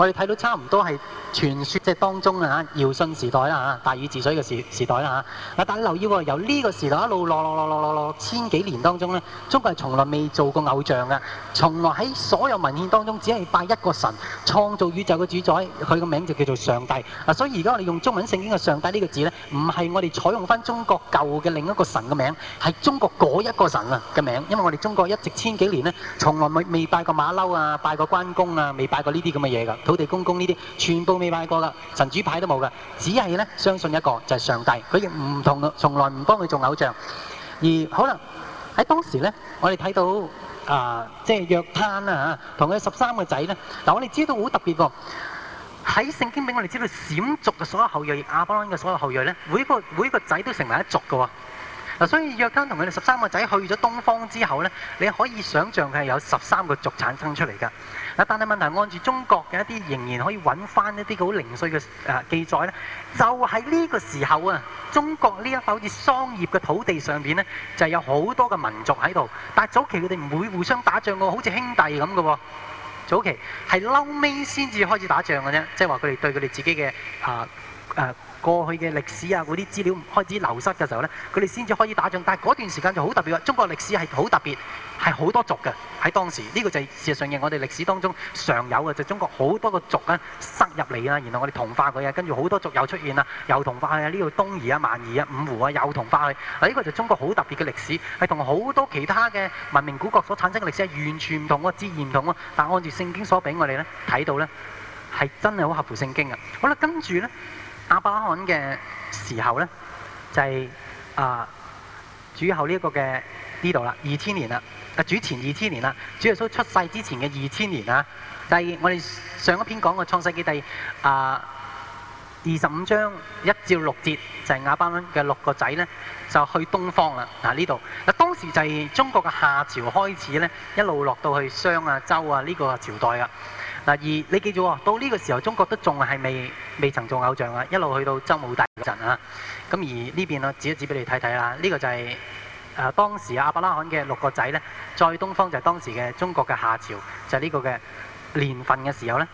我哋睇到差唔多係傳說即係當中啊，堯舜時代啦，大禹治水嘅時代啦，啊，大家留意喎，由呢個時代一路落落落落千幾年當中呢，中國係從來未做過偶像嘅，從來喺所有文獻當中只係拜一個神創造宇宙嘅主宰，佢個名字就叫做上帝。所以而家我哋用中文聖經嘅上帝呢個字呢，唔係我哋採用返中國舊嘅另一個神嘅名，係中國嗰一個神啊嘅名，因為我哋中國一直千幾年呢，從來未拜過馬騮啊，拜過關公啊，未拜過呢啲咁嘅嘢㗎。土地公公呢啲全部未拜過噶，神主牌都冇噶，只係咧相信一個就係、是、上帝。佢亦唔同，從來唔幫佢做偶像。而可能喺當時咧，我哋睇到、呃、啊，即係約坍啊，同佢十三個仔咧。嗱，我哋知道好特別喎。喺聖經裏，我哋知道閃族嘅所有後裔，亞伯拉罕嘅所有後裔咧，每個每個仔都成為一族㗎喎。嗱、呃，所以約坍同佢哋十三個仔去咗東方之後咧，你可以想象佢係有十三個族產生出嚟噶。但係問題，按住中國嘅一啲仍然可以揾翻一啲好零碎嘅誒記載呢，就係、是、呢個時候啊，中國呢一塊好似桑葉嘅土地上邊呢，就有好多嘅民族喺度。但係早期佢哋唔會互相打仗嘅，好似兄弟咁嘅喎。早期係嬲尾先至開始打仗嘅啫，即係話佢哋對佢哋自己嘅啊誒。呃呃過去嘅歷史啊，嗰啲資料開始流失嘅時候呢，佢哋先至開始打仗。但係嗰段時間就好特別㗎，中國歷史係好特別，係好多族嘅喺當時。呢個就係事實上嘅，我哋歷史當中常有嘅，就中國好多個族啊塞入嚟啊，然後我哋同化佢啊，跟住好多族又出現啦，又同化啊，呢個東夷啊、萬夷啊、五胡啊，又同化佢。嗱，呢個就中國好特別嘅歷史，係同好多其他嘅文明古國所產生嘅歷史係完全唔同啊，截然唔同啊。但係按照聖經所俾我哋呢睇到呢，係真係好合乎聖經啊。好啦，跟住呢。亞伯拉罕嘅時候咧，就係、是、啊主後呢一個嘅呢度啦，二千年啦，啊主前二千年啦，主耶穌出世之前嘅二千年啊。第二，我哋上一篇講嘅創世紀第啊二十五章一至六節，就係、是、亞伯拉罕嘅六個仔咧，就去東方啦。嗱，呢度嗱，當時就係中國嘅夏朝開始咧，一路落到去商啊、周啊呢、這個朝代啊。嗱，而你記住喎，到呢個時候中國都仲係未未曾做偶像啊，一路去到周武大陣啊。咁而呢邊啊，指一指俾你睇睇啦。呢、這個就係、是、誒、呃、當時亞伯拉罕嘅六個仔咧，在東方就係當時嘅中國嘅夏朝，就係、是、呢個嘅年份嘅時候咧。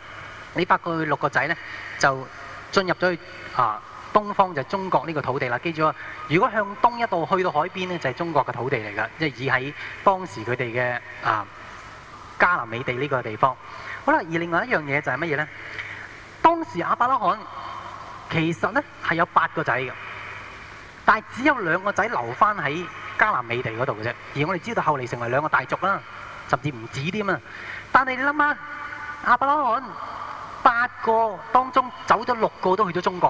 你發覺佢六個仔咧就進入咗去啊東方就係中國呢個土地啦。記住啊，如果向東一度去到海邊咧，就係、是、中國嘅土地嚟噶，即係以喺當時佢哋嘅啊迦南美地呢個地方。好啦，而另外一樣嘢就係乜嘢咧？當時亞伯拉罕其實咧係有八個仔嘅，但係只有兩個仔留翻喺加南美地嗰度嘅啫。而我哋知道後嚟成為兩個大族啦，甚至唔止添啊！但係你諗下，亞伯拉罕八個當中走咗六個都去咗中國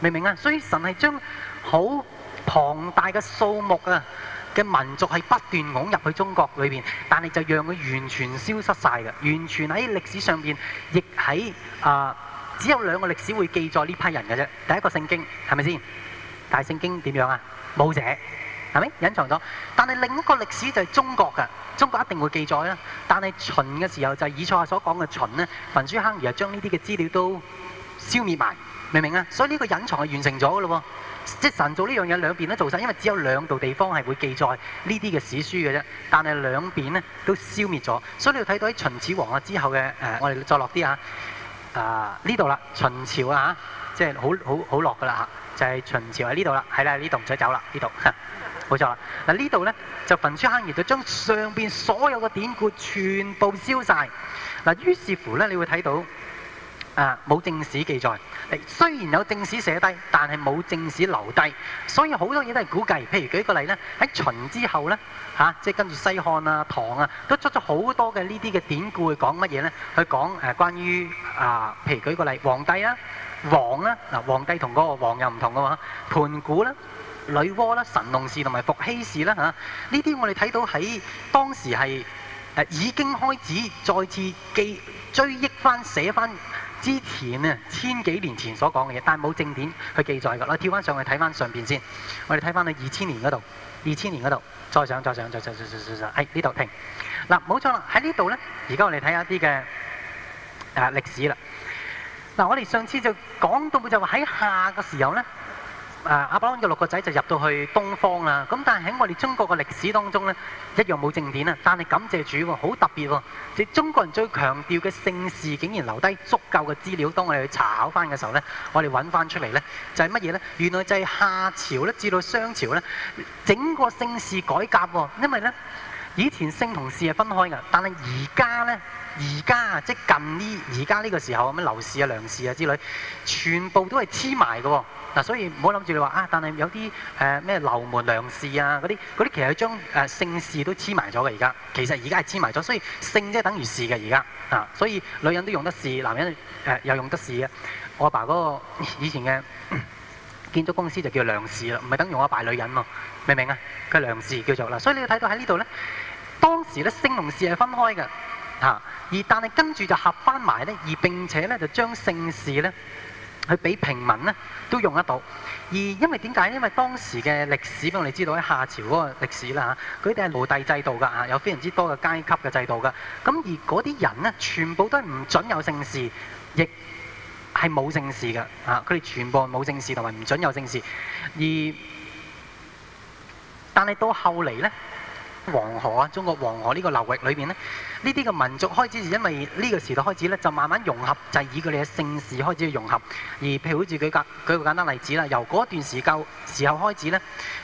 喎，明唔明啊？所以神係將好龐大嘅數目啊嘅民族係不斷湧入去中國裏邊，但係就讓佢完全消失晒嘅，完全喺歷史上邊，亦喺啊只有兩個歷史會記載呢批人嘅啫。第一個聖經係咪先？但係聖經點樣啊？冇寫係咪隱藏咗？但係另一個歷史就係中國㗎，中國一定會記載啦。但係秦嘅時候就係、是、以賽亞所講嘅秦呢，焚書坑儒，係將呢啲嘅資料都消滅埋，明唔明啊？所以呢個隱藏係完成咗㗎咯喎。即係神做呢樣嘢兩邊都做晒，因為只有兩度地方係會記載呢啲嘅史書嘅啫。但係兩邊呢都消滅咗，所以你要睇到喺秦始皇啊之後嘅誒、呃，我哋再落啲啊啊呢度啦，秦朝啊，即係好好好落㗎啦嚇，就係、是、秦朝喺呢度啦，係啦，呢度唔使走啦，呢度冇錯啦。嗱呢度咧就焚書坑儒，就將上邊所有嘅典故全部燒晒。嗱於是乎咧，你會睇到。啊！冇正史記載，誒雖然有正史寫低，但係冇正史留低，所以好多嘢都係估計。譬如舉個例咧，喺秦之後咧嚇，即係跟住西漢啊、唐啊，都出咗好多嘅呢啲嘅典故去講乜嘢咧？去講誒關於啊，譬如舉個例，皇帝啊、王啦，嗱皇帝同個王又唔同嘅喎，盤古啦、女媧啦、神農氏同埋伏羲氏啦嚇，呢啲我哋睇到喺當時係誒已經開始再次記追憶翻寫翻。之前啊，千幾年前所講嘅嘢，但係冇正典去記載㗎。我跳翻上去睇翻上邊先，我哋睇翻去二千年嗰度，二千年嗰度再上再上再上再上再上，喺呢度停。嗱，冇、啊、錯啦，喺呢度咧，而家我哋睇下啲嘅誒歷史啦。嗱、啊，我哋上次就講到就話喺夏嘅時候咧。阿伯安嘅六個仔就入到去東方啦。咁但係喺我哋中國嘅歷史當中呢，一樣冇正典啊。但係感謝主喎、哦，好特別喎、哦。即、就是、中國人最強調嘅姓氏，竟然留低足夠嘅資料，當我哋去查考翻嘅時候呢，我哋揾翻出嚟呢，就係乜嘢呢？原來就係夏朝呢，至到商朝呢，整個姓氏改革喎、哦。因為呢，以前姓同氏係分開嘅，但係而家呢。而家即係近呢，而家呢個時候咁樣，樓市啊、糧市啊之類，全部都係黐埋嘅喎。嗱，所以唔好諗住你話啊，但係有啲誒咩樓門糧市啊，嗰啲嗰啲其實係將姓氏都黐埋咗嘅而家。其實而家係黐埋咗，所以姓即係等於氏嘅而家。啊，所以女人都用得氏，男人誒又、呃呃、用得氏嘅。我阿爸嗰、那個以前嘅、嗯、建築公司就叫梁氏啦，唔係等用我阿爸，爸女人喎、哦，明唔明啊？佢係梁氏叫做嗱、啊，所以你要睇到喺呢度咧，當時咧姓同氏係分開嘅，嚇、啊。而但係跟住就合翻埋呢，而並且呢就將姓氏呢去俾平民呢都用得到。而因為點解？因為當時嘅歷史俾我哋知道喺夏朝嗰個歷史啦嚇，佢哋係奴隸制度噶、啊、有非常之多嘅階級嘅制度噶。咁、啊、而嗰啲人呢，全部都係唔準有姓氏，亦係冇姓氏嘅嚇。佢哋全部冇姓氏同埋唔準有姓氏。而但係到後嚟呢。黃河啊，中國黃河呢個流域裏面呢，呢啲嘅民族開始，因為呢個時代開始呢，就慢慢融合，就係、以佢哋嘅姓氏開始去融合。而譬如好似舉，舉個簡單簡單例子啦，由嗰一段時間時候開始呢，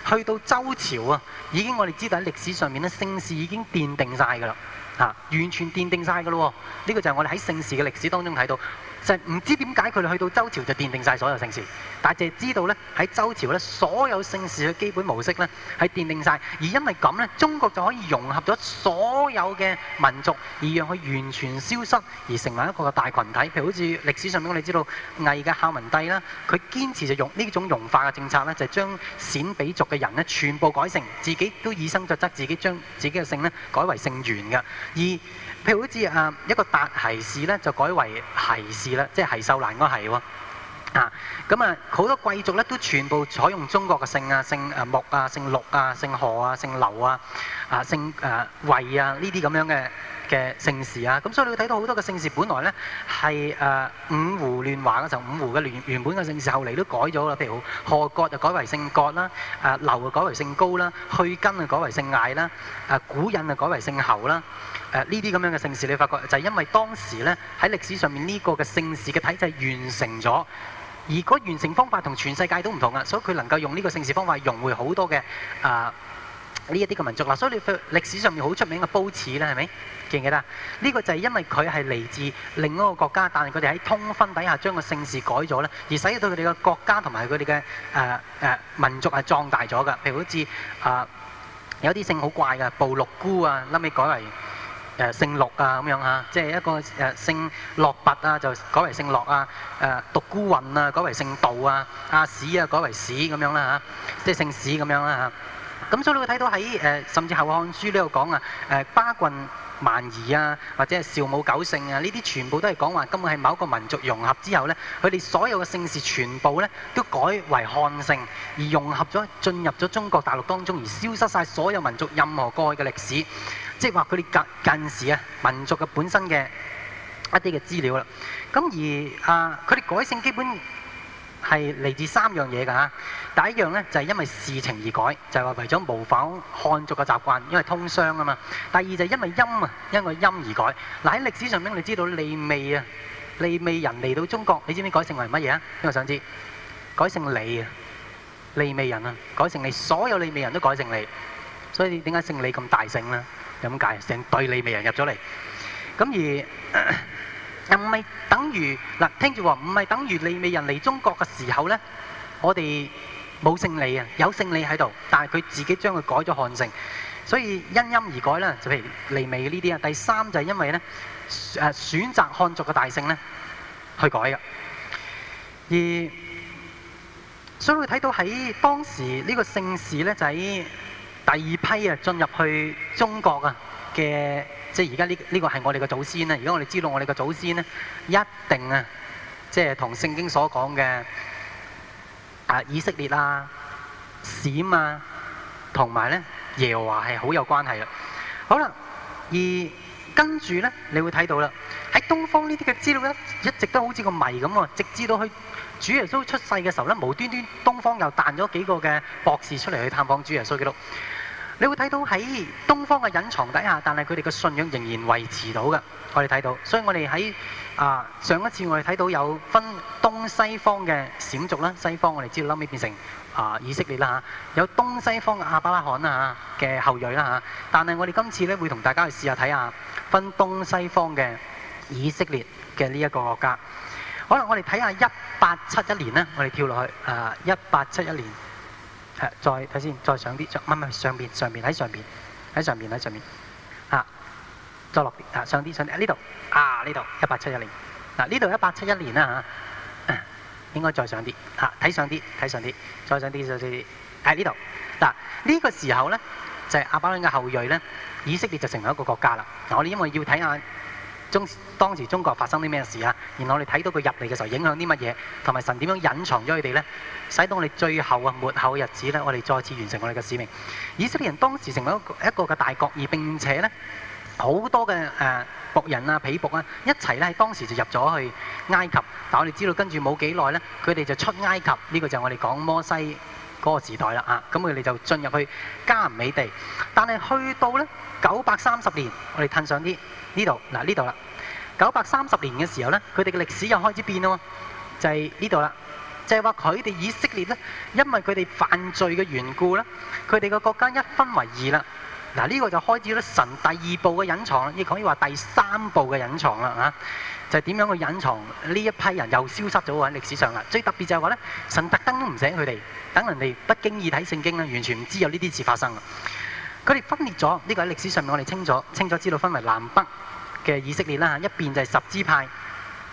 去到周朝啊，已經我哋知道喺歷史上面呢，姓氏已經奠定晒㗎啦，嚇，完全奠定晒㗎咯。呢、呢個就係我哋喺姓氏嘅歷史當中睇到。就係、是、唔知點解佢哋去到周朝就奠定晒所有姓氏，但係就係知道呢喺周朝呢，所有姓氏嘅基本模式呢係奠定晒。而因為咁呢，中國就可以融合咗所有嘅民族，而讓佢完全消失而成為一個大群體。譬如好似歷史上面我哋知道魏嘅孝文帝啦，佢堅持就用呢種融化嘅政策呢，就將鮮卑族嘅人呢全部改成，自己都以身作則，自己將自己嘅姓呢改為姓元嘅。而譬如好似啊一個達奚氏呢，就改為奚氏。即係系秀蘭嗰個係喎，啊咁啊好多貴族咧都全部採用中國嘅姓啊，姓啊穆啊，姓陸啊，姓何啊，姓劉啊，啊姓誒魏啊呢啲咁樣嘅嘅姓氏啊，咁所以你會睇到好多嘅姓氏，本來咧係誒五胡亂華嗰陣，五胡嘅原原本嘅姓氏，後嚟都改咗啦。譬如何國就改為姓郭啦，啊劉改為姓高啦，去根啊改為姓艾啦，啊古印啊改為姓侯啦。誒呢啲咁樣嘅姓氏，你發覺就係因為當時咧喺歷史上面呢個嘅姓氏嘅體制完成咗，而個完成方法同全世界都唔同啊！所以佢能夠用呢個姓氏方法融匯好多嘅啊呢一啲嘅民族啦。所以你對歷史上面好出名嘅褒姒咧，係咪記唔記得？呢、呢個就係因為佢係嚟自另一個國家，但係佢哋喺通婚底下將個姓氏改咗咧，而使到佢哋嘅國家同埋佢哋嘅誒誒民族係壯大咗嘅。譬如好似啊，有啲姓好怪嘅，步六孤啊，後尾改為。誒姓陸啊咁樣啊，即係一個誒姓駱拔啊，就改為姓駱啊；誒獨孤雲啊，改為姓杜啊；阿史啊，改為史咁樣啦嚇，即係姓史咁樣啦嚇。咁所以你會睇到喺誒甚至後漢書呢度講啊，誒巴郡蠻夷啊，或者係昭武九姓啊，呢啲全部都係講話，根本係某一個民族融合之後咧，佢哋所有嘅姓氏全部咧都改為漢姓，而融合咗進入咗中國大陸當中，而消失曬所有民族任何過去嘅歷史。即係話佢哋近近時啊，民族嘅本身嘅一啲嘅資料啦。咁而啊，佢哋改姓基本係嚟自三樣嘢㗎嚇。第一樣咧就係因為事情而改，就係話為咗模仿漢族嘅習慣，因為通商啊嘛。第二就係因為音啊，因為音而改。嗱喺歷史上面你知道利未啊，利未人嚟到中國，你知唔知改姓為乜嘢啊？因為我想知，改姓李啊，利未人啊，改姓李，所有利未人都改姓李。所以點解姓李咁大姓咧？咁解，成隊李美人入咗嚟。咁而唔係等於嗱，聽住話唔係等於李美人嚟中國嘅時候咧，我哋冇姓李啊，有姓李喺度，但係佢自己將佢改咗漢姓，所以因音而改啦。就譬如李美人呢啲啊。第三就係因為咧誒選擇漢族嘅大姓咧去改㗎。而所以會睇到喺當時呢個姓氏咧就喺。第二批啊，進入去中國啊嘅，即係而家呢呢個係、這個、我哋嘅祖先啦。如果我哋知道我哋嘅祖先咧，一定啊，即係同聖經所講嘅啊以色列啊、閃啊，同埋咧耶和華係好有關係嘅。好啦，而跟住呢，你會睇到啦，喺東方呢啲嘅資料咧，一直都好似個謎咁啊，直至到去主耶穌出世嘅時候咧，無端端東方又彈咗幾個嘅博士出嚟去探訪主耶穌基督。你會睇到喺東方嘅隱藏底下，但係佢哋嘅信仰仍然維持到嘅，我哋睇到。所以我哋喺啊上一次我哋睇到有分東西方嘅閃族啦，西方我哋知道後尾變成啊、呃、以色列啦嚇、啊，有東西方嘅亞伯拉罕啊嘅後裔啦嚇、啊。但係我哋今次咧會同大家去試下睇下分東西方嘅以色列嘅呢一個國家。好啦，我哋睇下一八七一年呢，我哋跳落去啊一八七一年。再睇先，再上啲，唔面上面上邊喺上邊，喺上邊喺上邊喺上面，啊，再落啲，啊，上啲上，啊呢度，啊呢度，一八七一年，嗱呢度一八七一年啦嚇，應該再上啲，嚇、啊、睇上啲，睇上啲，再上啲再上啲，喺呢度，嗱呢、啊呢個時候咧就係、是、阿巴倫嘅後裔咧，以色列就成為一個國家啦。嗱我哋因為要睇下。中當時中國發生啲咩事啊？然後我哋睇到佢入嚟嘅時候影響啲乜嘢，同埋神點樣隱藏咗佢哋呢？使到我哋最後啊末後日子呢，我哋再次完成我哋嘅使命。以色列人當時成為一個嘅大國，而並且呢，好多嘅誒僕人啊、婢僕啊一齊呢，喺當時就入咗去埃及，但我哋知道跟住冇幾耐呢，佢哋就出埃及，呢、這個就係我哋講摩西嗰個時代啦啊，咁佢哋就進入去迦南美地，但係去到呢。九百三十年，我哋褪上啲呢度，嗱呢度啦。九百三十年嘅時候呢，佢哋嘅歷史又開始變咯，就係呢度啦，就係話佢哋以色列呢，因為佢哋犯罪嘅緣故呢，佢哋嘅國家一分為二啦。嗱、這、呢個就開始咗神第二步嘅隱藏，亦可以話第三步嘅隱藏啦吓，就係點樣去隱藏呢一批人又，在歷又消失咗喺歷史上啦？最特別就係話呢，神特登唔醒佢哋，等人哋不經意睇聖經咧，完全唔知有呢啲事發生。佢哋分裂咗，呢個喺歷史上面我哋清楚清楚知道分為南北嘅以色列啦嚇，一邊就係十支派，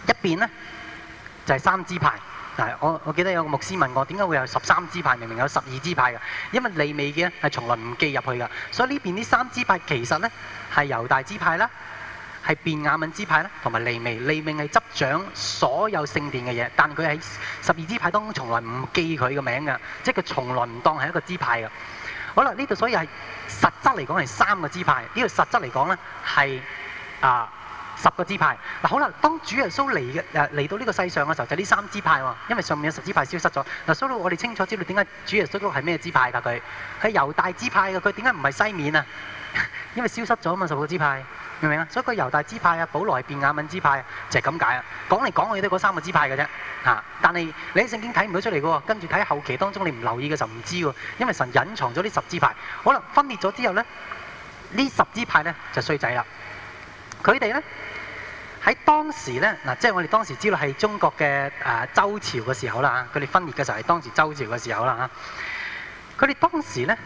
一邊呢就係三支派。我我記得有個牧師問我，點解會有十三支派？明明有十二支派嘅，因為利未嘅係從來唔記入去嘅，所以呢邊啲三支派其實呢係猶大支派啦，係便雅憫支派啦，同埋利未。利未係執掌所有聖殿嘅嘢，但佢喺十二支派當中從來唔記佢個名嘅，即係佢從來唔當係一個支派嘅。好啦，呢度所以係實質嚟講係三個支派，呢度實質嚟講咧係啊十個支派。嗱，好啦，當主耶穌嚟嘅誒嚟到呢個世上嘅時候，就係呢三支派喎，因為上面有十支派消失咗。嗱，所以我哋清楚知道點解主耶穌係咩支派㗎？佢係猶大支派嘅，佢點解唔係西面啊？因為消失咗啊嘛，十個支派。明唔明啊？所以佢猶大支派啊、保羅係便雅憫支派，就係咁解啊！講嚟講去都係嗰三個支派嘅啫。嚇！但係你喺聖經睇唔到出嚟嘅喎，跟住睇後期當中你唔留意嘅就唔知喎，因為神隱藏咗呢十支派。可能分裂咗之後咧，呢十支派咧就衰仔啦。佢哋咧喺當時咧嗱，即係我哋當時知道係中國嘅誒周朝嘅時候啦。佢、啊、哋分裂嘅時候係當時周朝嘅時候啦。佢、啊、哋當時咧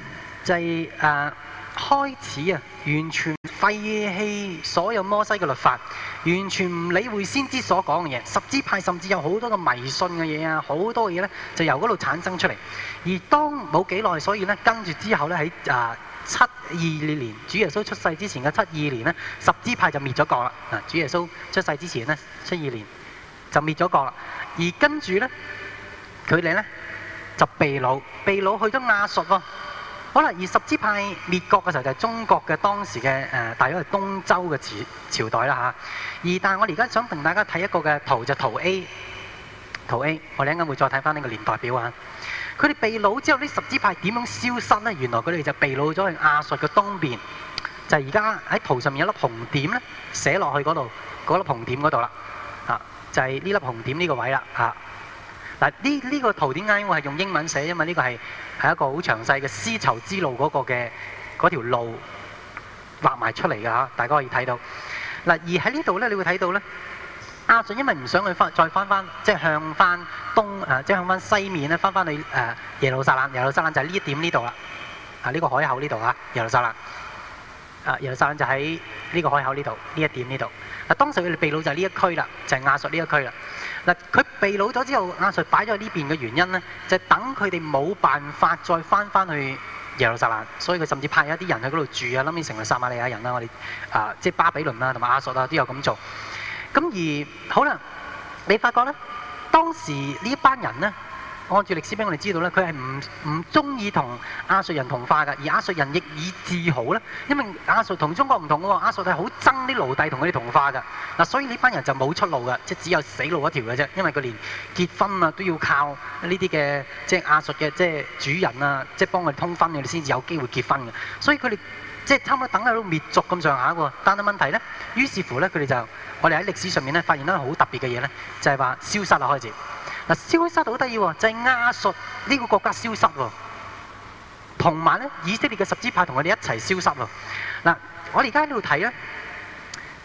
就係、是、誒。呃開始啊，完全廢棄所有摩西嘅律法，完全唔理會先知所講嘅嘢。十支派甚至有好多個迷信嘅嘢啊，好多嘢呢就由嗰度產生出嚟。而當冇幾耐，所以呢，跟住之後呢，喺啊七二年，主耶穌出世之前嘅七二年呢，十支派就滅咗國啦。嗱，主耶穌出世之前呢，七二年就滅咗國啦。而跟住呢，佢哋呢就被擄，被擄去咗亞述喎。好啦，而十支派滅國嘅時候就係中國嘅當時嘅誒，大約係東周嘅朝朝代啦嚇。而但係我而家想同大家睇一個嘅圖就是、圖 A，圖 A 我哋一陣間會再睇翻呢個年代表啊。佢哋被擄之後，呢十支派點樣消失呢？原來佢哋就被擄咗去亞述嘅東邊，就係而家喺圖上面有一粒紅點咧，寫落去嗰度，嗰粒紅點嗰度啦，啊，就係、是、呢粒紅點呢個位啦，啊。嗱，呢、呢、呢個圖點解我係用英文寫？因為呢個係係一個好詳細嘅絲綢之路嗰個嘅嗰條路畫埋出嚟㗎嚇，大家可以睇到。嗱，而喺呢度咧，你會睇到咧，亞述因為唔想去翻，再翻翻即係向翻東啊，即係向翻西面咧，翻翻去誒耶路撒冷。耶路撒冷就係呢一點呢度啦，啊呢、呢個海口呢度啊，耶路撒冷啊，耶路撒冷就喺呢個海口呢度呢一點呢度。嗱、啊，當時佢哋秘魯就係呢一區啦，就係亞述呢一區啦。嗱，佢被擄咗之後，亞述擺咗喺呢邊嘅原因咧，就係、等佢哋冇辦法再翻翻去耶路撒冷，所以佢甚至派一啲人喺嗰度住啊，諗住成為撒瑪利亞人啦，我哋啊、呃，即係巴比倫啊同埋亞述啊，都有咁做。咁而好啦，你發覺咧，當時呢班人咧。按住歷史俾我哋知道咧，佢係唔唔中意同亞述人同化嘅，而亞述人亦以自豪咧，因為亞述同中國唔同嘅喎，亞述係好憎啲奴隸同佢哋同化嘅，嗱，所以呢班人就冇出路嘅，即係只有死路一條嘅啫，因為佢連結婚啊都要靠呢啲嘅即係亞述嘅即係主人啊，即係幫佢通婚，佢哋先至有機會結婚嘅，所以佢哋即係差唔多等喺度滅族咁上下嘅喎，但係問題咧，於是乎咧佢哋就我哋喺歷史上面咧發現咗一個好特別嘅嘢咧，就係話消失啦開始。嗱，消失好得意喎，就係亞述呢個國家消失喎，同埋咧以色列嘅十支派同我哋一齊消失喎。嗱，我哋而家喺度睇咧，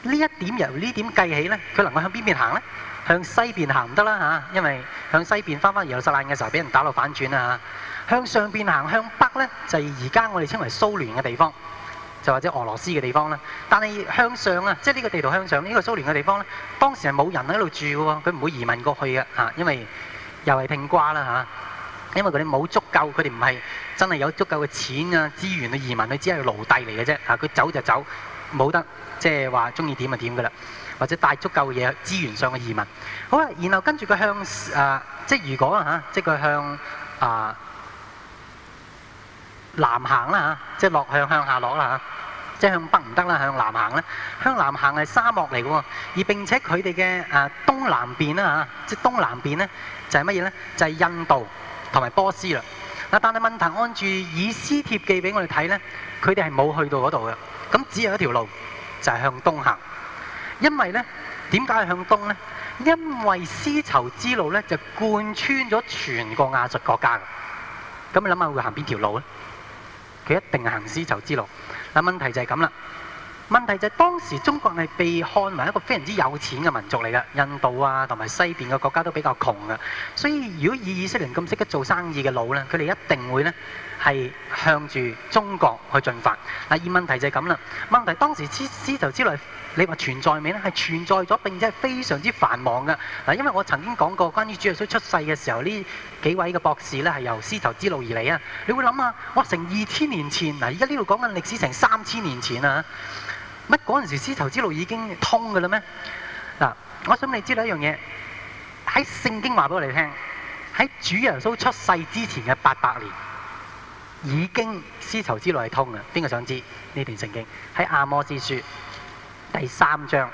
呢一點由呢點計起咧，佢能夠向邊邊行咧？向西邊行唔得啦嚇，因為向西邊翻翻耶路撒冷嘅時候，俾人打到反轉啊嚇。向上邊行，向北咧，就係而家我哋稱為蘇聯嘅地方。就或者俄羅斯嘅地方啦，但係向上啊，即係呢個地圖向上，呢個蘇聯嘅地方咧，當時係冇人喺度住嘅喎，佢唔會移民過去嘅嚇，因為又係拼瓜啦嚇，因為佢哋冇足夠，佢哋唔係真係有足夠嘅錢啊資源去移民，佢只係奴隸嚟嘅啫嚇，佢走就走，冇得即係話中意點就點㗎啦，或者帶足夠嘢資源上嘅移民。好啦，然後跟住佢向啊，即係如果啊嚇，即係佢向啊。南行啦嚇，即係落向向下落啦嚇，即係向北唔得啦，向南行咧。向南行係沙漠嚟嘅喎，而並且佢哋嘅誒東南邊啦嚇，即係東南邊咧就係乜嘢咧？就係印度同埋波斯啦。嗱，但係問題按住以斯帖記俾我哋睇咧，佢哋係冇去到嗰度嘅。咁只有一條路就係向東行，因為咧點解向東咧？因為絲綢之路咧就貫穿咗全個亞述國家嘅。咁你諗下會行邊條路咧？佢一定行絲綢之路。嗱，問題就係咁啦。問題就係當時中國係被看為一個非常之有錢嘅民族嚟㗎，印度啊同埋西邊嘅國家都比較窮㗎，所以如果以以色列咁識得做生意嘅佬咧，佢哋一定會咧係向住中國去進發。嗱，而問題就係咁啦，問題當時絲絲綢之路。你話存在未呢？係存在咗，並且係非常之繁忙嘅。嗱，因為我曾經講過關於主耶穌出世嘅時候，呢幾位嘅博士咧係由絲綢之路而嚟啊！你會諗下，我成二千年前嗱，依家呢度講緊歷史成三千年前啊，乜嗰陣時絲綢之路已經通㗎喇咩？嗱，我想你知道一樣嘢，喺聖經話俾我哋聽，喺主耶穌出世之前嘅八百年，已經絲綢之路係通嘅。邊個想知呢段聖經？喺阿摩斯書。第三章，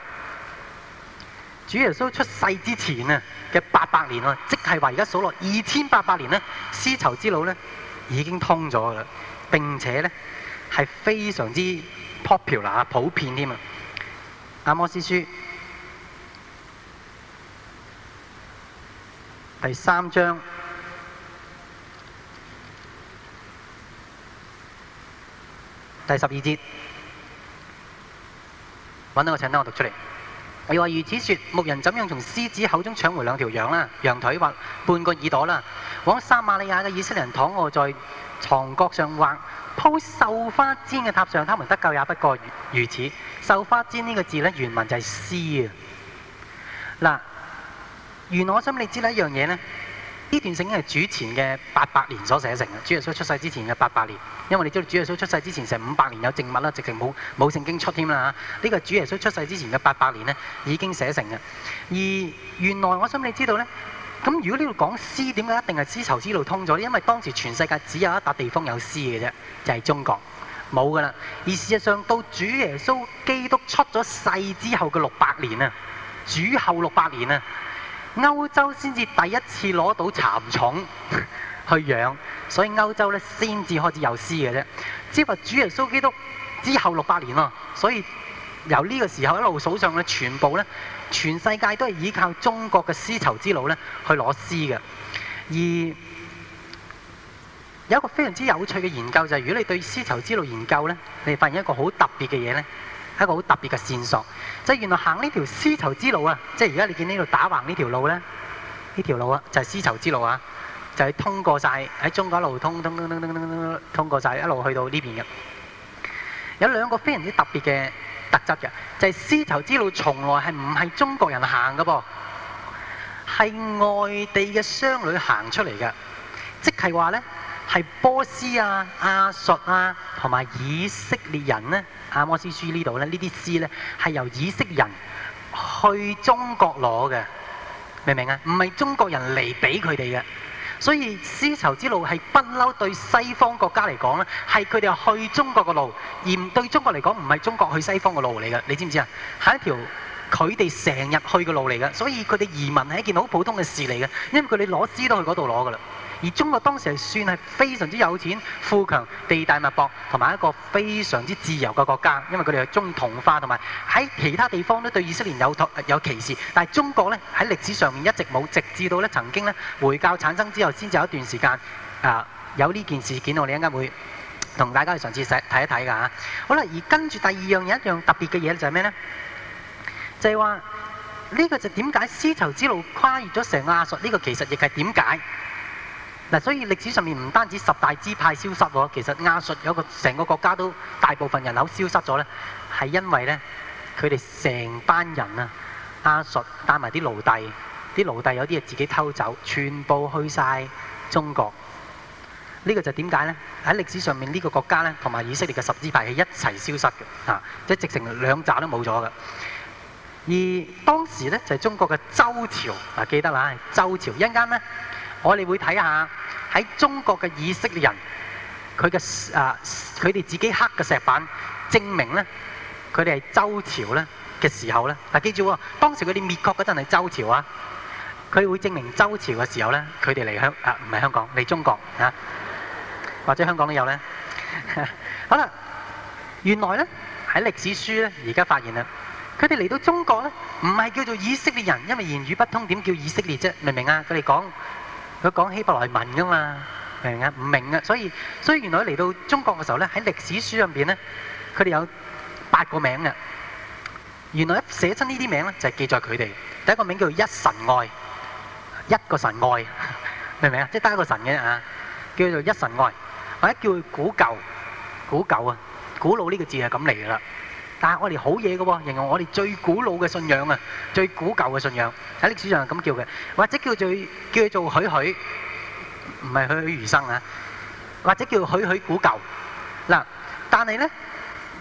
主耶穌出世之前啊嘅八百年，即係話而家數落二千八百年呢，絲綢之路呢已經通咗㗎啦，並且呢係非常之 popular 普遍添啊，《阿摩司書》第三章第十二節。揾到個請單，我讀出嚟。又話如此説，牧人怎樣從獅子口中搶回兩條羊啦？羊腿或半個耳朵啦。往撒瑪利亞嘅以色列人躺臥在床角上或鋪繡花氈嘅榻上，他們得救也不過如此。繡花氈呢個字呢，原文就係絲啊。嗱，願我想你知得一樣嘢呢。呢段聖經係主前嘅八百年所寫成嘅，主耶穌出世之前嘅八百年，因為你知道主耶穌出世之前成五百年有證物啦，直情冇冇聖經出添啦吓。呢個係主耶穌出世之前嘅八百年呢已經寫成嘅。而原來我想你知道呢，咁如果呢度講詩，點解一定係絲綢之路通咗呢？因為當時全世界只有一笪地方有詩嘅啫，就係、是、中國，冇噶啦。而事實上到主耶穌基督出咗世之後嘅六百年啊，主後六百年啊。歐洲先至第一次攞到蠶蟲去養，所以歐洲咧先至開始有絲嘅啫。即係話主耶穌基督之後六百年喎，所以由呢個時候一路數上咧，全部咧全世界都係依靠中國嘅絲綢之路咧去攞絲嘅。而有一個非常之有趣嘅研究就係，如果你對絲綢之路研究咧，你發現一個好特別嘅嘢咧。係一個好特別嘅線索，就係原來行呢條絲綢之路啊！即係而家你見呢度打橫呢條路咧，呢條路啊，就係絲綢之路啊，就係通過晒喺中國一路通通通通通通通，通，通,通過曬，一路去到呢邊嘅。有兩個非常之特別嘅特質嘅，就係絲綢之路從來係唔係中國人行㗎噃，係外地嘅商旅行出嚟嘅，即係話咧係波斯啊、亞述啊同埋以色列人咧。亞摩斯書呢度咧，呢啲絲呢，係由以色人去中國攞嘅，明唔明啊？唔係中國人嚟俾佢哋嘅，所以絲綢之路係不嬲對西方國家嚟講呢，係佢哋去中國個路，而對中國嚟講唔係中國去西方個路嚟嘅，你知唔知啊？係一條佢哋成日去嘅路嚟嘅，所以佢哋移民係一件好普通嘅事嚟嘅，因為佢哋攞絲都去嗰度攞噶啦。而中國當時係算係非常之有錢、富強、地大物博，同埋一個非常之自由嘅國家。因為佢哋係中同化，同埋喺其他地方呢對以色列有有歧視。但係中國呢，喺歷史上面一直冇直至到呢，曾經呢回教產生之後，先至有一段時間啊，有呢件事件，我哋應該會同大家去嘗試睇一睇㗎嚇。好啦，而跟住第二樣嘢一樣特別嘅嘢就係咩呢？就係話呢個就點解絲綢之路跨越咗成亞述呢個其實亦係點解？嗱，所以歷史上面唔單止十大支派消失喎，其實亞述有一個成個國家都大部分人口消失咗呢，係因為呢，佢哋成班人啊，亞述帶埋啲奴隸，啲奴隸有啲係自己偷走，全部去晒中國。呢、這個就點解呢？喺歷史上面呢個國家呢，同埋以色列嘅十支派係一齊消失嘅、啊，即係直成兩紮都冇咗嘅。而當時呢，就係、是、中國嘅周朝，嗱、啊、記得啦，周朝一陣間呢。我哋會睇下喺中國嘅以色列人，佢嘅啊佢哋自己刻嘅石板，證明呢，佢哋係周朝呢嘅時候呢。嗱、啊，記住喎、哦，當時佢哋滅國嗰陣係周朝啊，佢會證明周朝嘅時候呢，佢哋嚟香啊唔係香港嚟中國啊，或者香港都有呢。啊、好啦，原來呢，喺歷史書呢，而家發現啦，佢哋嚟到中國呢，唔係叫做以色列人，因為言語不通，點叫以色列啫？明唔明啊？佢哋講。佢講希伯來文噶嘛，明啊？唔明啊？所以，所以原來嚟到中國嘅時候咧，喺歷史書上邊咧，佢哋有八個名嘅。原來一寫親呢啲名咧，就係記載佢哋。第一個名叫做一神愛，一個神愛，明唔明啊？即係得一個神嘅啊，叫做一神愛，或者叫古舊、古舊啊、古老呢個字係咁嚟噶啦。但係我哋好嘢嘅喎，形容我哋最古老嘅信仰啊，最古舊嘅信仰喺歷史上係咁叫嘅，或者叫做叫做許許，唔係許許餘生啊，或者叫許許古舊嗱。但係咧，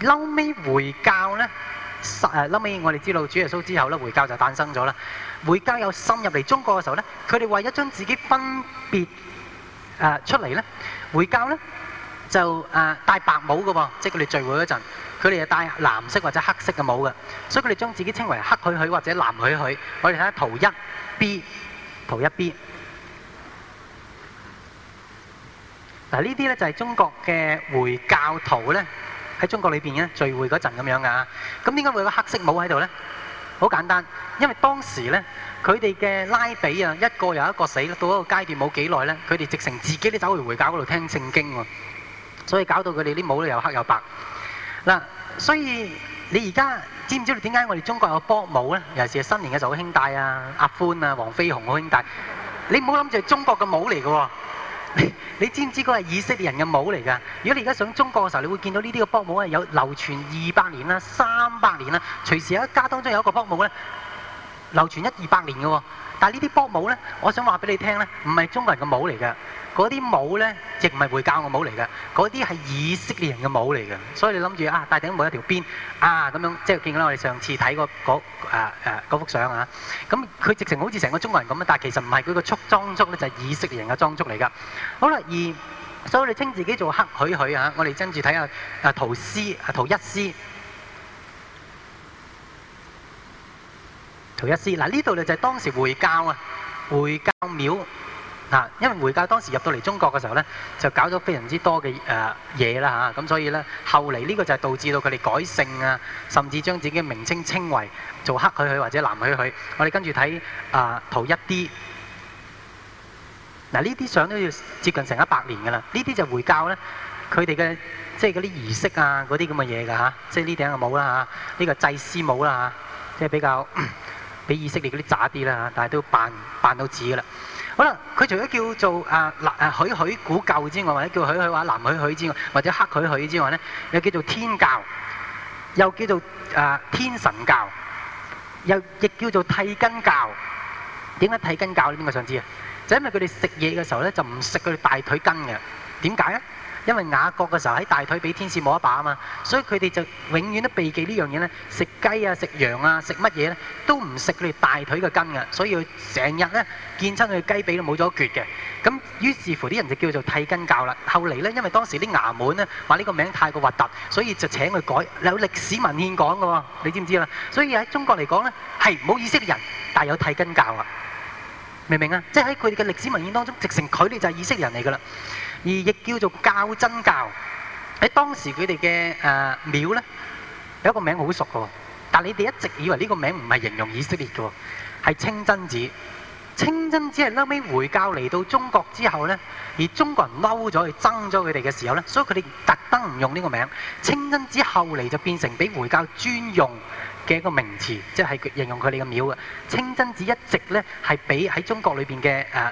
後尾回教咧，誒後尾我哋知道主耶穌之後咧，回教就誕生咗啦。回教有深入嚟中國嘅時候咧，佢哋為咗將自己分別誒出嚟咧，回教咧。就誒戴白帽㗎喎，即係佢哋聚會嗰陣，佢哋就戴藍色或者黑色嘅帽嘅，所以佢哋將自己稱為黑許許或者藍許許。我哋睇下圖一 B，圖一 B 嗱，呢啲咧就係中國嘅回教徒咧，喺中國裏邊咧聚會嗰陣咁樣噶。咁點解會有個黑色帽喺度咧？好簡單，因為當時咧佢哋嘅拉比啊，一個又一個死到一個階段冇幾耐咧，佢哋直成自己都走去回教嗰度聽聖經喎。所以搞到佢哋啲舞咧又黑又白。嗱、啊，所以你而家知唔知道點解我哋中國有波舞咧？尤其是新年嘅時候，好兄弟啊、阿歡啊、黃飛鴻好兄弟，你唔好諗住係中國嘅舞嚟㗎。你你知唔知嗰係以色列人嘅舞嚟㗎？如果你而家上中國嘅時候，你會見到呢啲嘅波舞係有流傳二百年啦、三百年啦，隨時有一家當中有一個波舞咧，流傳一二百年嘅。但係呢啲波舞咧，我想話俾你聽咧，唔係中國人嘅舞嚟㗎。嗰啲帽咧亦唔係回教嘅帽嚟嘅，嗰啲係以色列人嘅帽嚟嘅，所以你諗住啊，戴頂帽一條辮啊咁樣，即係見到，我哋上次睇過嗰誒誒嗰幅相啊，咁佢直情好似成個中國人咁啊，但係其實唔係，佢個裝束咧就係以色列人嘅裝束嚟㗎。好啦，而所以你稱自己做黑許許啊，我哋跟住睇下啊圖四啊，圖一四，圖一四，嗱呢度咧就係當時回教啊回教廟。啊，因為回教當時入到嚟中國嘅時候咧，就搞咗非常之多嘅誒嘢啦嚇，咁、呃、所以咧後嚟呢、這個就係導致到佢哋改姓啊，甚至將自己嘅名稱稱為做黑佢去或者藍佢去。我哋跟住睇啊圖一 D，嗱呢啲相都要接近成一百年噶啦，呢啲就回教咧，佢哋嘅即係嗰啲儀式啊，嗰啲咁嘅嘢噶嚇，即係呢頂嘅帽啦嚇，呢、這個祭司帽啦嚇，即係比較比以色列嗰啲渣啲啦嚇，但係都扮扮到似噶啦。好啦，佢除咗叫做誒南誒許許古教之外，或者叫許許或者藍許許之外，或者黑許許之外咧，又叫做天教，又叫做誒天神教，又亦叫做剃根教。點解剃根教邊個想知啊？就因為佢哋食嘢嘅時候咧，就唔食佢大腿根嘅。點解咧？因為雅各嘅時候喺大腿俾天使摸一把啊嘛，所以佢哋就永遠都避忌這事呢樣嘢咧。食雞啊、食羊啊、食乜嘢咧，都唔食佢哋大腿嘅筋嘅，所以佢成日咧見親佢雞髀都冇咗撅嘅。咁於是乎啲人就叫做替根教啦。後嚟咧，因為當時啲衙門咧話呢個名太過核突，所以就請佢改。有歷史文獻講嘅喎，你知唔知啊？所以喺中國嚟講咧，係冇意識人，但有替根教啊。明唔明啊？即係喺佢哋嘅歷史文獻當中，直情佢哋就係意識人嚟嘅啦。而亦叫做教真教，喺當時佢哋嘅誒廟呢，有一個名好熟嘅，但你哋一直以為呢個名唔係形容以色列嘅，係清真寺。清真寺係後尾回教嚟到中國之後呢，而中國人嬲咗，去爭咗佢哋嘅時候呢，所以佢哋特登唔用呢個名。清真寺後嚟就變成俾回教專用嘅一個名詞，即係形容佢哋嘅廟嘅。清真寺一直呢，係俾喺中國裏邊嘅誒。呃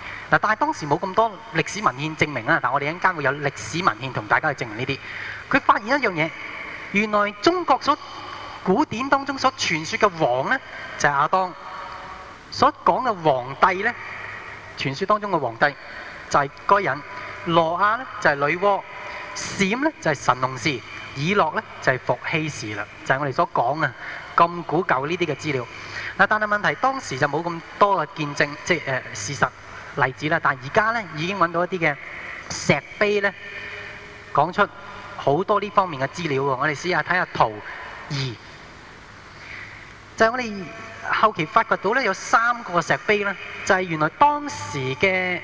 嗱，但係當時冇咁多歷史文獻證明啦，但係我哋一陣間會有歷史文獻同大家去證明呢啲。佢發現一樣嘢，原來中國所古典當中所傳説嘅王咧，就係亞當；所講嘅皇帝咧，傳説當中嘅皇帝就係該人。羅亞咧就係女媧，閃咧就係神農氏，以諾咧就係伏羲氏啦，就係我哋所講啊咁古舊呢啲嘅資料。嗱，但係問題當時就冇咁多嘅見證，即係誒事實。例子啦，但而家咧已經揾到一啲嘅石碑咧，講出好多呢方面嘅資料喎。我哋試下睇下圖二，就係我哋後期發掘到咧有三個石碑咧，就係原來當時嘅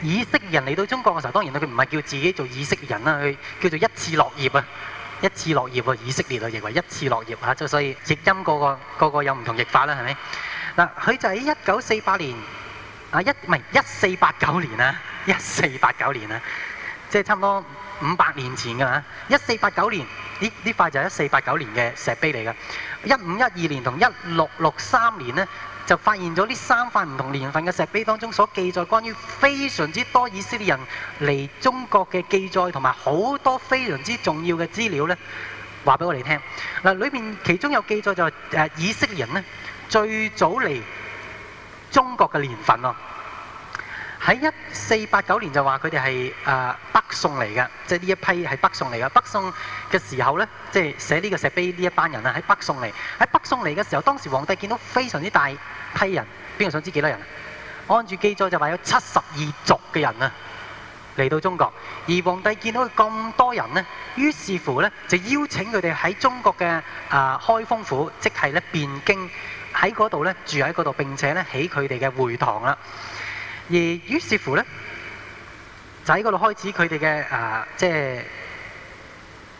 以色列人嚟到中國嘅時候，當然，佢唔係叫自己做以色列人啦，佢叫做一次落葉啊，一次落葉啊，以色列就認為一次落葉啊，即所以譯音個個個個有唔同譯法啦，係咪？嗱，佢就喺一九四八年。啊，一唔係，一四八九年啊，一四八九年啊，即係差唔多五百年前㗎嘛。一四八九年呢，呢塊就係一四八九年嘅石碑嚟㗎。一五一二年同一六六三年呢，就發現咗呢三塊唔同年份嘅石碑，當中所記載關於非常之多以色列人嚟中國嘅記載，同埋好多非常之重要嘅資料呢，話俾我哋聽。嗱，裏面其中有記載就係以色列人呢最早嚟中國嘅年份咯、啊，喺一四八九年就話佢哋係啊北宋嚟嘅，即係呢一批係北宋嚟嘅。北宋嘅、就是、時候呢，即係寫呢個石碑呢一班人啊，喺北宋嚟。喺北宋嚟嘅時候，當時皇帝見到非常之大批人，邊個想知幾多人？按住記載就話有七十二族嘅人啊，嚟、啊、到中國。而皇帝見到咁多人呢，於是乎呢，就邀請佢哋喺中國嘅啊、呃、開封府，即係咧汴京。喺嗰度呢，住喺嗰度，並且呢，起佢哋嘅會堂啦。而於是乎呢，就喺嗰度開始佢哋嘅誒，即係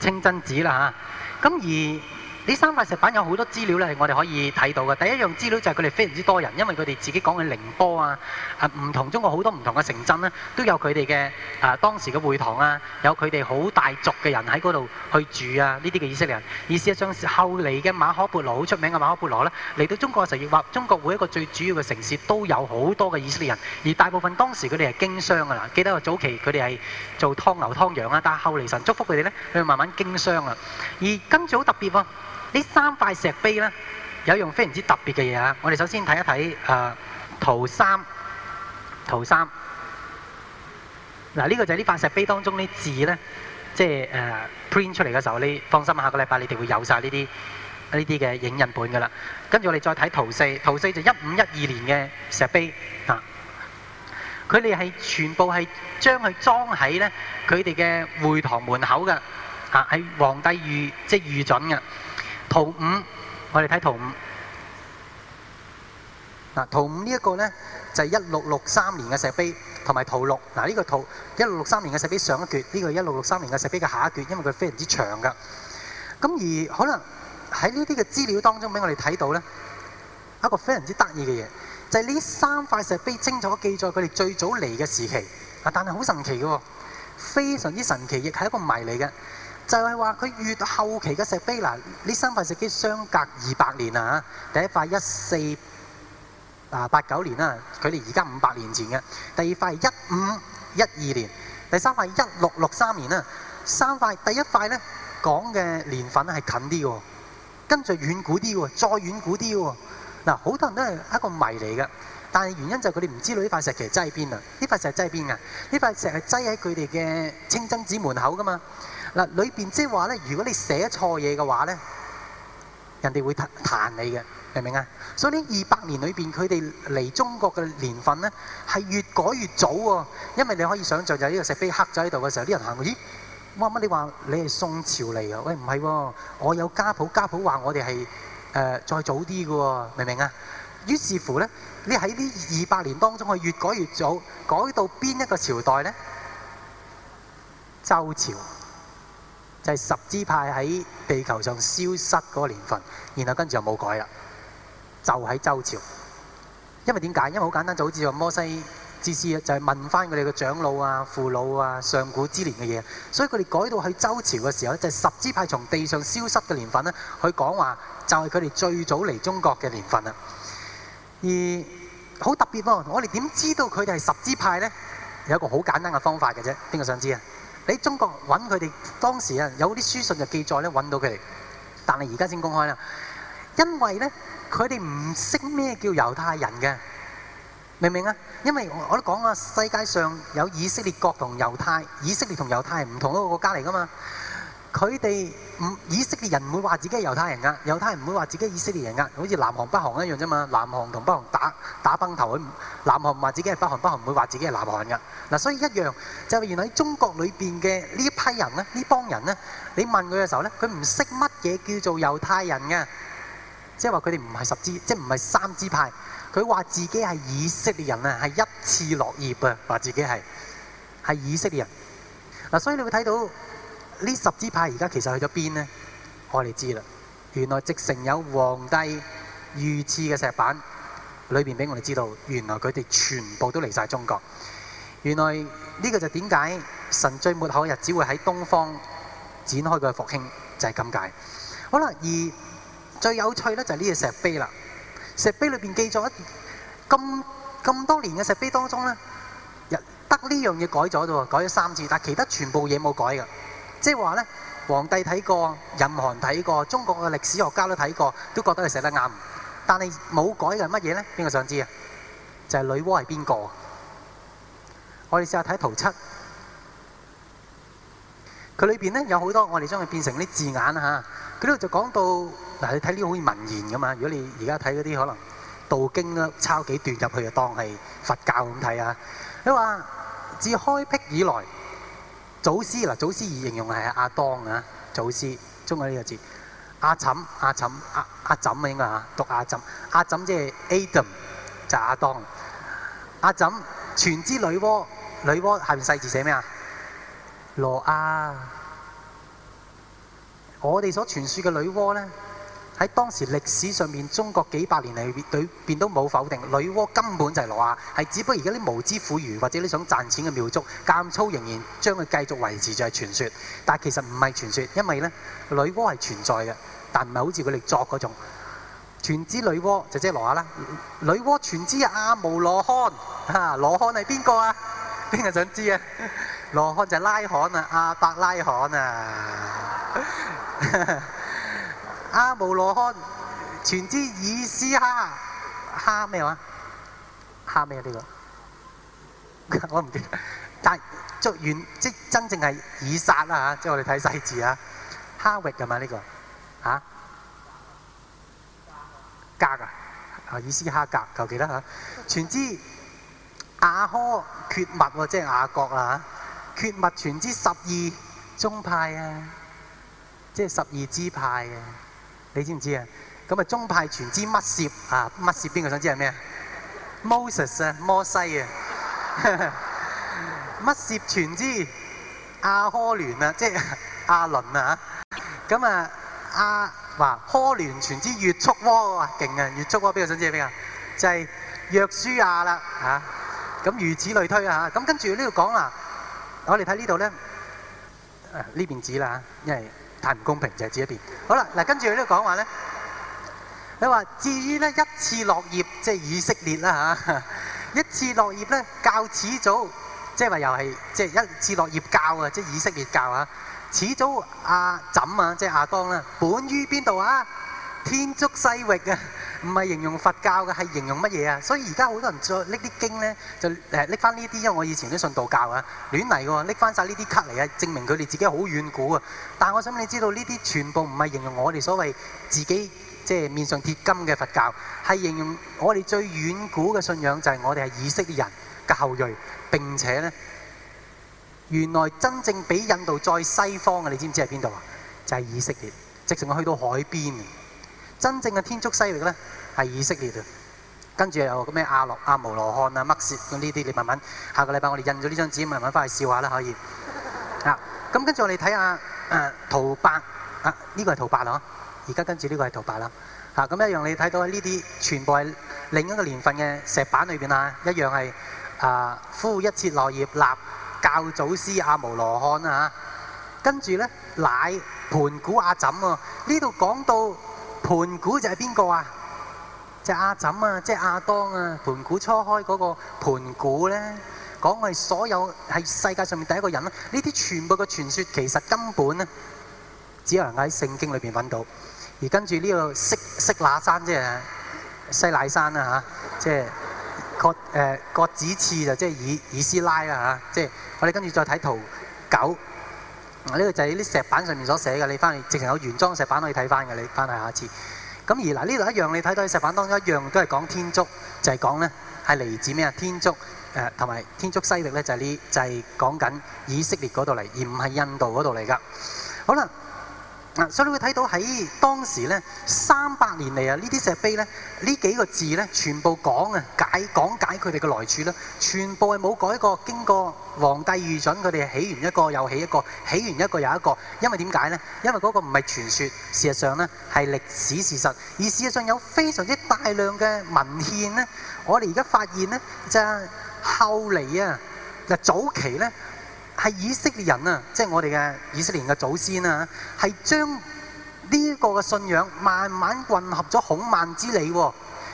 清真寺啦嚇。咁而呢三塊石板有好多資料咧，係我哋可以睇到嘅。第一樣資料就係佢哋非常之多人，因為佢哋自己講嘅寧波啊，係唔同中國好多唔同嘅城鎮咧，都有佢哋嘅啊當時嘅會堂啊，有佢哋好大族嘅人喺嗰度去住啊，呢啲嘅以色列人。事實上後嚟嘅馬可波羅好出名嘅馬可波羅咧，嚟到中國嘅時候亦話中國每一個最主要嘅城市都有好多嘅以色列人，而大部分當時佢哋係經商㗎啦。記得早期佢哋係做劏牛劏羊啊，但係後嚟神祝福佢哋咧，佢慢慢經商啊。而跟住好特別啊。呢三塊石碑咧，有用非常之特別嘅嘢啊！我哋首先睇一睇誒圖三，圖三嗱，呢個就係呢塊石碑當中啲字咧，即係誒 print 出嚟嘅時候，你放心，下個禮拜你哋會有晒呢啲呢啲嘅影印本噶啦。跟住我哋再睇圖四，圖四就一五一二年嘅石碑啊，佢哋係全部係將佢裝喺咧佢哋嘅會堂門口嘅嚇，喺皇帝御即係御準嘅。圖五，我哋睇圖五。嗱，圖五這呢一個咧，就係一六六三年嘅石碑，同埋圖六。嗱，呢個圖一六六三年嘅石碑上一橛，呢、這個一六六三年嘅石碑嘅下一橛，因為佢非常之長噶。咁而可能喺呢啲嘅資料當中，俾我哋睇到咧一個非常之得意嘅嘢，就係、是、呢三塊石碑清楚記載佢哋最早嚟嘅時期。啊，但係好神奇嘅喎，非常之神奇，亦係一個謎嚟嘅。就係話佢越後期嘅石碑嗱，呢三塊石碑相隔二百年啊！第一塊一四啊八九年啦，距離而家五百年前嘅；第二塊一五一二年；第三塊一六六三年啦。三塊第一塊咧講嘅年份係近啲嘅，跟住遠古啲嘅，再遠古啲嘅。嗱好多人都係一個謎嚟嘅，但係原因就係佢哋唔知道呢塊石其實擠喺邊啊！呢塊石擠喺邊啊！呢塊石係擠喺佢哋嘅清真寺門口噶嘛。嗱，裏邊即係話咧，如果你寫錯嘢嘅話咧，人哋會彈你嘅，明唔明啊？所以呢二百年裏邊，佢哋嚟中國嘅年份咧，係越改越早喎、哦。因為你可以想象就係呢個石碑刻咗喺度嘅時候，啲人行咦，乜乜你話你係宋朝嚟㗎？喂，唔係喎，我有家譜，家譜話我哋係誒再早啲嘅喎，明唔明啊？於是乎咧，你喺呢二百年當中係越改越早，改到邊一個朝代咧？周朝。就係十支派喺地球上消失嗰個年份，然後跟住就冇改啦，就喺周朝。因為點解？因為好簡單，就好似話摩西之師就係問翻佢哋嘅長老啊、父老啊、上古之年嘅嘢。所以佢哋改到喺周朝嘅時候，就係十支派從地上消失嘅年份呢，去講話就係佢哋最早嚟中國嘅年份啦。而好特別喎，我哋點知道佢哋係十支派呢？有一個好簡單嘅方法嘅啫，邊個想知啊？喺中國揾佢哋當時啊，有啲書信嘅記載咧，揾到佢哋，但係而家先公開啦。因為咧，佢哋唔識咩叫猶太人嘅，明唔明啊？因為我都講啊，世界上有以色列國同猶太，以色列同猶太係唔同一個國家嚟噶嘛。佢哋唔以色列人唔會話自己係猶太人㗎，猶太人唔會話自己係以色列人㗎，好似南韓北韓一樣啫嘛。南韓同北韓打打崩頭，佢南韓唔話自己係北韓，北韓唔會話自己係南韓㗎。嗱、啊，所以一樣就係、是、原來喺中國裏邊嘅呢一批人呢，呢幫人呢，你問佢嘅時候呢，佢唔識乜嘢叫做猶太人嘅，即係話佢哋唔係十支，即係唔係三支派，佢話自己係以色列人啊，係一次落葉啊，話自己係係以色列人。嗱、啊，所以你會睇到。呢十支派而家其實去咗邊咧？我哋知啦。原來直成有皇帝御賜嘅石板，裏邊俾我哋知道，原來佢哋全部都嚟曬中國。原來呢個就點解神最末後嘅日子會喺東方展開個復興，就係咁解。好啦，而最有趣咧就係呢隻石碑啦。石碑裏邊記咗咁咁多年嘅石碑當中咧，得呢樣嘢改咗啫，改咗三次，但係其他全部嘢冇改㗎。即係話咧，皇帝睇過，任何睇過，中國嘅歷史學家都睇過，都覺得佢寫得啱。但係冇改嘅係乜嘢咧？邊個想知啊？就係女媧係邊個？我哋試下睇圖七，佢裏邊咧有好多，我哋將佢變成啲字眼啦嚇。佢呢度就講到嗱，你睇呢啲好似文言咁嘛。如果你而家睇嗰啲可能道經啦，抄幾段入去就當係佛教咁睇啊。你話自開闢以來。祖師，祖師以形容係阿當啊，祖師，中國呢個字，阿枕、阿枕、阿阿枕啊，應該讀阿枕，阿枕即係 Adam，就是阿當。阿枕，全知女媧，女媧下邊細字寫咩啊？羅啊，我哋所傳説嘅女媧呢。喺當時歷史上面，中國幾百年嚟對變都冇否定，女媧根本就係羅亞，係只不過而家啲無知婦孺或者你想賺錢嘅妙族奸粗仍然將佢繼續維持就係傳說，但其實唔係傳說，因為呢，女媧係存在嘅，但唔係好似佢哋作嗰種。全知女媧就即係羅亞啦，女媧全知是阿無羅漢，嚇羅漢係邊個啊？邊個想知啊？羅漢，是、啊、是羅漢就係拉罕啊，阿伯拉罕啊。 阿、啊、姆羅漢，全知以斯哈哈咩話？哈咩呢、啊啊這個？我唔記得。但作完即真正係以撒啦、啊、嚇，即係我哋睇細字啊。哈域係嘛呢個？哈、啊，格啊？啊，以斯哈格，求其得嚇。全知阿柯缺物喎、啊，即係亞國啊嚇。缺物，全知十二宗派啊，即係十二支派啊。你知唔知啊？咁啊，宗派全知乜涉啊？乜涉？邊個想知係咩？Moses 啊，摩西啊。乜涉全知？亞科聯啊，即係亞倫啊。咁啊，亞話科聯全知越速窩啊，勁啊！越速窩邊個想知係邊啊？就係約書亞啦。嚇！咁如此類推啊。咁跟住呢度講啦，我哋睇呢度咧，呢邊紙啦，因為。太唔公平就係指一邊。好啦，嗱跟住呢講話咧，你話至於咧，一次落葉即係以色列啦嚇，一次落葉咧教始祖，即係話又係即係一次落葉教啊，即係以色列教啊。始祖阿怎啊，即係亞當啦，本於邊度啊？天竺西域啊！唔係形容佛教嘅，係形容乜嘢啊？所以而家好多人再拎啲經就拎翻呢啲，因為我以前都信道教啊，亂嚟嘅喎，拎翻曬呢啲卡嚟啊，證明佢哋自己好遠古啊。但我想你知道呢啲全部唔係形容我哋所謂自己即係面上貼金嘅佛教，係形容我哋最遠古嘅信仰就係、是、我哋係以色列人嘅後裔。並且呢，原來真正比印度再西方嘅，你知唔知係邊度啊？就係、是、以色列，直情去到海邊。真正嘅天竺西域咧，係以色列啊！跟住又個咩阿羅阿摩羅漢啊，麥舌咁呢啲，你慢慢下個禮拜我哋印咗呢張紙，慢慢翻去笑下啦，可以啊！咁跟住我哋睇下誒圖八啊，呢個係圖八啦，而家跟住呢個係圖八啦啊！咁一樣你睇到呢啲全部係另一個年份嘅石板裏邊啊，一樣係啊呼一切落葉立教祖師阿摩羅漢啊！跟住咧乃盤古阿枕喎，呢度講到。盤古就係邊個啊？就係亞枕啊，即係亞當啊。盤古初開嗰個盤古咧，講係所有係世界上面第一個人啊。呢啲全部嘅傳説其實根本咧，只能喺聖經裏邊揾到。而跟住呢個色色那山即係、啊、西乃山啊。嚇、啊，即、就、係、是、葛誒、呃、葛子次就即係以以斯拉啦、啊、嚇，即、啊、係、就是、我哋跟住再睇圖九。嗱，呢個就係石板上面所寫嘅，你翻去直情有原裝石板可以睇翻嘅，你翻去下次。咁而嗱，呢度一樣你睇到喺石板當中一樣都係講天竺，就係、是、講呢係嚟自咩啊？天竺誒同埋天竺西域呢就係、是、呢就係講緊以色列嗰度嚟，而唔係印度嗰度嚟㗎。好啦。所以你會睇到喺當時咧，三百年嚟啊，呢啲石碑咧，呢幾個字咧，全部講啊解講解佢哋嘅來處啦，全部係冇改過，經過皇帝御準佢哋起完一個又起一個，起完一個又一個。因為點解咧？因為嗰個唔係傳說，事實上咧係歷史事實，而事實上有非常之大量嘅文獻咧，我哋而家發現咧就係後嚟啊，嗱早期咧。係以色列人啊，即係我哋嘅以色列人嘅祖先啊，係將呢個嘅信仰慢慢混合咗孔孟之理，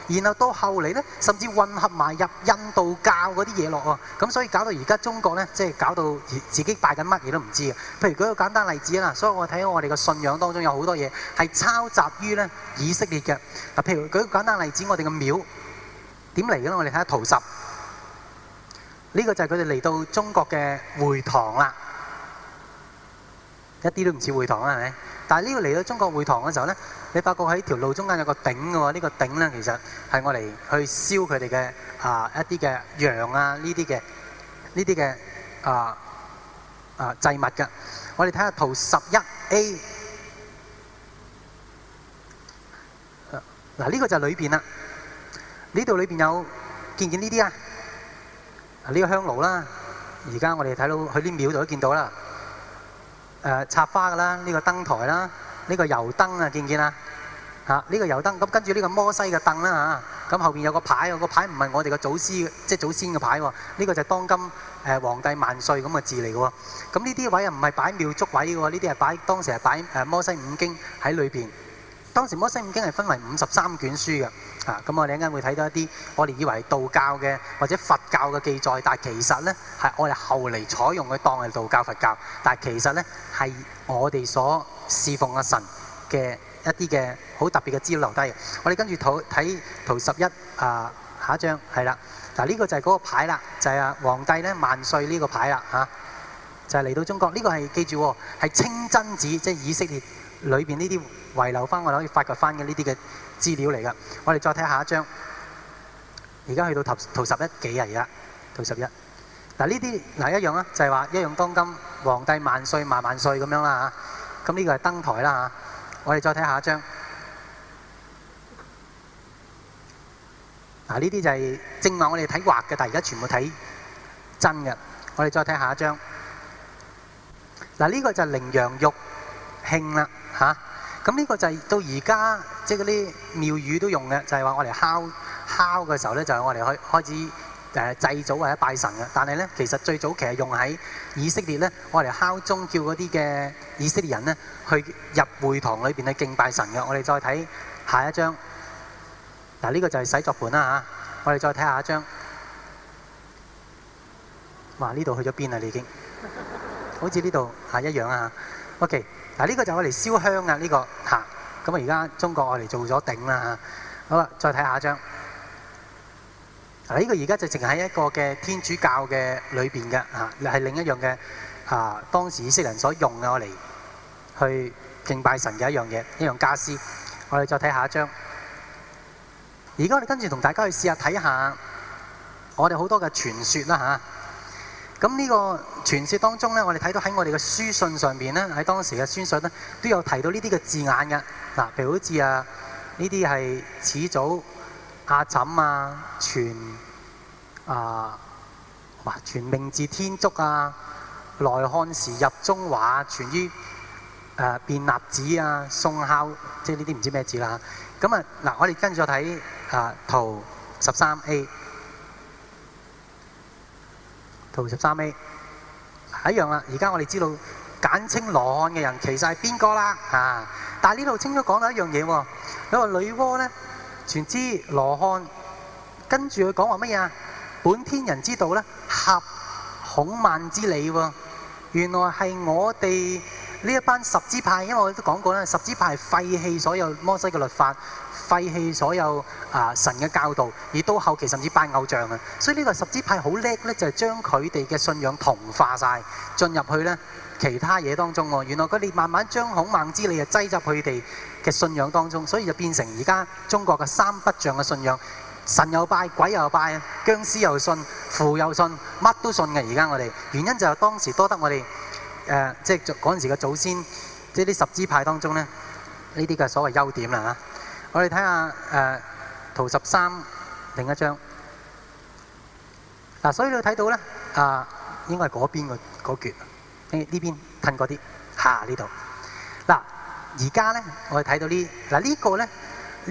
然後到後嚟咧，甚至混合埋入印度教嗰啲嘢落喎，咁所以搞到而家中國咧，即係搞到自己拜緊乜嘢都唔知啊！譬如舉個簡單例子啊，所以我睇我哋嘅信仰當中有好多嘢係抄襲於咧以色列嘅。嗱，譬如舉個簡單例子，我哋嘅廟點嚟嘅咧？我哋睇下圖十。呢個就係佢哋嚟到中國嘅會堂啦，一啲都唔似會堂啊，係咪？但係呢個嚟到中國會堂嘅時候咧，你發覺喺條路中間有個頂嘅喎。呢個頂咧其實係我嚟去燒佢哋嘅啊一啲嘅羊啊呢啲嘅呢啲嘅啊啊祭物㗎。我哋睇下圖十一 A，嗱，呢個就係裏邊啦，呢度裏邊有見唔見呢啲啊？呢個香爐啦，而家我哋睇到去啲廟度都見到啦。誒、呃、插花嘅啦，呢個燈台啦，呢個油燈啊，見唔見啊？嚇，呢個油燈咁跟住呢個摩西嘅凳啦嚇，咁後邊有個牌，個牌唔係我哋嘅祖師，即係祖先嘅牌喎。呢個就係當今誒皇帝萬歲咁嘅字嚟嘅喎。咁呢啲位啊，唔係擺廟祝位嘅喎，呢啲係擺當時係擺誒摩西五經喺裏邊。當時摩西五經係分為五十三卷書嘅。啊，咁我哋一陣會睇到一啲，我哋以為道教嘅或者佛教嘅記載，但係其實咧係我哋後嚟採用嘅當係道教佛教，但係其實咧係我哋所侍奉嘅神嘅一啲嘅好特別嘅資料留低。我哋跟住睇圖十一啊，下一張係啦，嗱呢、啊呢個就係嗰個牌啦，就係、係、啊皇帝咧萬歲呢個牌啦吓、啊，就嚟、係、到中國呢、呢個係記住係清真寺，即、就、係、係、以色列裏邊呢啲遺留翻我哋可以發掘翻嘅呢啲嘅。資料嚟噶，我哋再睇下一張。而家去到圖圖十一幾啊，而家圖十一。嗱呢啲嗱一樣啦，就係話一樣，當今皇帝萬歲萬萬歲咁樣啦嚇。咁呢個係登台啦嚇。我哋再睇下一張。嗱呢啲就係正話我哋睇畫嘅，但而家全部睇真嘅。我哋再睇下一張。嗱呢個就係羚羊玉磬啦嚇。咁呢個就係到而家。即係嗰啲廟宇都用嘅，就係話我哋敲敲嘅時候咧，就係我哋開開始誒、呃、祭祖或者拜神嘅。但係咧，其實最早期係用喺以色列咧，我哋敲鐘叫嗰啲嘅以色列人咧去入會堂裏邊去敬拜神嘅。我哋再睇下一張。嗱、啊，呢、這個就係洗作盤啦吓、啊，我哋再睇下一張。哇！呢度去咗邊啊？你已經 好似呢度嚇一樣啊嚇。OK，嗱、啊、呢、這個就係我哋燒香、這個、啊呢個嚇。咁啊！而家中國我哋做咗頂啦嚇，好啦，再睇下一張。啊，呢個而家就淨係一個嘅天主教嘅裏邊嘅嚇，又係另一樣嘅嚇，當時以色列人所用嘅我哋去敬拜神嘅一樣嘢，一樣家私。我哋再睇下一張。而家我哋跟住同大家去試下睇下，我哋好多嘅傳說啦嚇。咁呢個傳說當中呢，我哋睇到喺我哋嘅書信上面呢，喺當時嘅書信呢，都有提到呢啲嘅字眼嘅，嗱，譬如好似啊，呢啲係始祖阿枕呀，全啊，啊，啊，全名字天竺呀，來、啊、漢時入中華，傳於誒變立子呀、啊，宋孝，即係呢啲唔知咩字啦。咁啊，嗱，我哋跟住再睇啊圖十三 A。十三米，係一樣啦。而家我哋知道簡稱羅漢嘅人其實係邊個啦啊！但係呢度清楚講到一樣嘢喎，嗰個女媧呢？全知羅漢跟住佢講話乜嘢啊？本天人之道呢？合孔孟之理喎，哦。原來係我哋呢一班十支派，因為我都講過啦，十支派廢棄所有摩西嘅律法。廢棄所有啊神嘅教導，而到後期甚至拜偶像啊，所以呢個十支派好叻咧，就係將佢哋嘅信仰同化曬進入去咧其他嘢當中喎。原來佢哋慢慢將孔孟之理啊擠入佢哋嘅信仰當中，所以就變成而家中國嘅三不像嘅信仰，神又拜，鬼又拜，殭屍又信，符又信，乜都信嘅。而家我哋原因就係當時多得我哋誒，即係嗰陣時嘅祖先，即係啲十支派當中咧呢啲嘅所謂優點啦嚇。我哋睇下圖圖十三另一張，啊、所以你睇到呢啊，應該係嗰邊個嗰橛，跟住呢邊吞嗰啲下呢度嗱。而家、啊啊、呢，我哋睇到呢、啊這個呢個呢、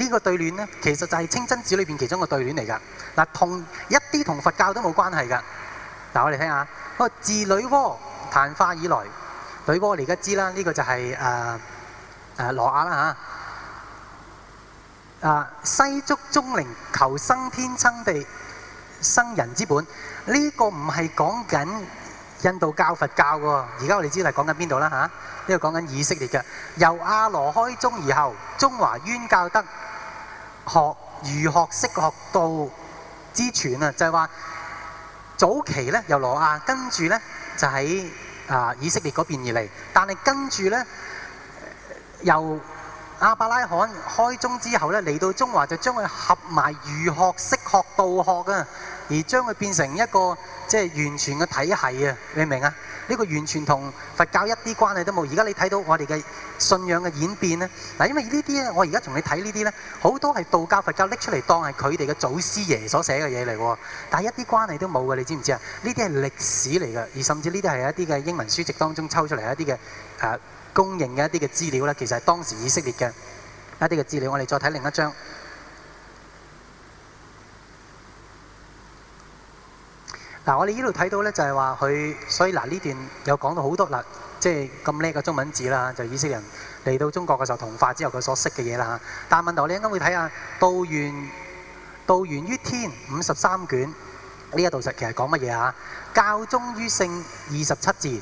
這個對聯其實就係《清真寺》裏面其中一個對聯嚟㗎，同一啲同佛教都冇關係㗎嗱。我哋睇下自女媧誕化以來，女媧我哋而家知啦，呢、這個就係誒羅亞啦啊！西足中靈求生天親地生人之本，呢、這個唔係講緊印度教、佛教喎。而家我哋知係講緊邊度啦嚇？呢、啊這個講緊以色列嘅。由阿羅開宗以後，中華冤教德學儒學識學道之傳、就是、在啊！就係話早期咧由羅亞跟住咧就喺啊以色列嗰邊而嚟，但係跟住咧由……呃呃呃呃呃亞伯拉罕開宗之後呢嚟到中華就將佢合埋儒學、釋學、道學啊，而將佢變成一個即係完全嘅體系啊！明唔明啊？呢個完全同佛教一啲關係都冇。而家你睇到我哋嘅信仰嘅演變呢？嗱，因為呢啲咧，我而家同你睇呢啲咧，好多係道教、佛教拎出嚟當係佢哋嘅祖師爺所寫嘅嘢嚟嘅，但係一啲關係都冇嘅，你知唔知啊？呢啲係歷史嚟嘅，而甚至呢啲係一啲嘅英文書籍當中抽出嚟一啲嘅誒。啊公認嘅一啲嘅資料咧，其實係當時以色列嘅一啲嘅資料。我哋再睇另一張。嗱、啊，我哋呢度睇到咧，就係話佢，所以嗱呢、啊、段有講到好多嗱，即係咁叻嘅中文字啦，就係、以色列人嚟到中國嘅時候同化之後佢所識嘅嘢啦嚇。但問題你應該會睇下《道元道元于天》五十三卷呢一度。實其實講乜嘢啊？教宗於聖二十七字。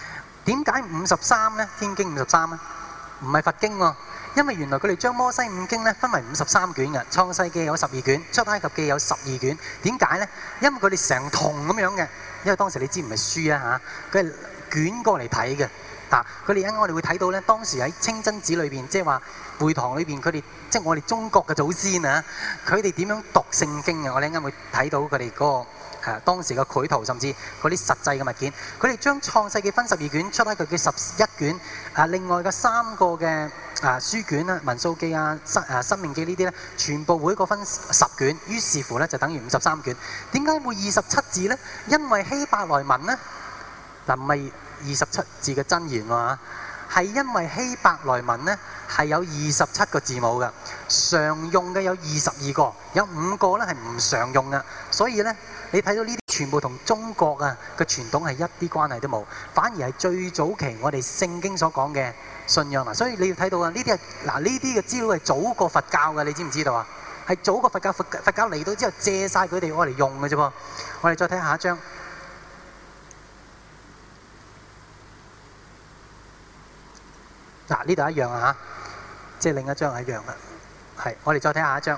點解五十三呢？天經五十三呢？唔係佛經喎，啊，因為原來佢哋將摩西五經呢分為五十三卷嘅，創世記有十二卷，出埃及記有十二卷。點解呢？因為佢哋成堂咁樣嘅，因為當時你知唔係書啊吓，佢係捲過嚟睇嘅。嚇，佢哋啱啱我哋會睇到呢，當時喺清真寺裏邊，即係話會堂裏邊，佢哋即係我哋中國嘅祖先啊，佢哋點樣讀聖經啊？我哋啱啱會睇到佢哋嗰個。係、啊、當時嘅繪圖，甚至嗰啲實際嘅物件，佢哋將《創世記》分十二卷，出喺佢嘅十一卷。啊，另外嘅三個嘅啊書卷啦，《民數記》啊，啊啊《生生命記》呢啲咧，全部會嗰分十卷，於是乎咧就等於五十三卷。點解會二十七字呢？因為希伯來文呢，嗱唔係二十七字嘅真言喎、啊，係因為希伯來文呢，係有二十七個字母嘅，常用嘅有二十二個，有五個咧係唔常用嘅，所以呢。你睇到呢啲全部同中國啊嘅傳統係一啲關係都冇，反而係最早期我哋聖經所講嘅信仰嗱，所以你要睇到啊，呢啲係嗱呢啲嘅資料係早過佛教嘅，你知唔知道啊？係早過佛教，佛佛教嚟到之後借曬佢哋愛嚟用嘅啫噃，我哋再睇下一張。嗱，呢度一樣啊，即係另一張係一樣嘅，係，我哋再睇下一張。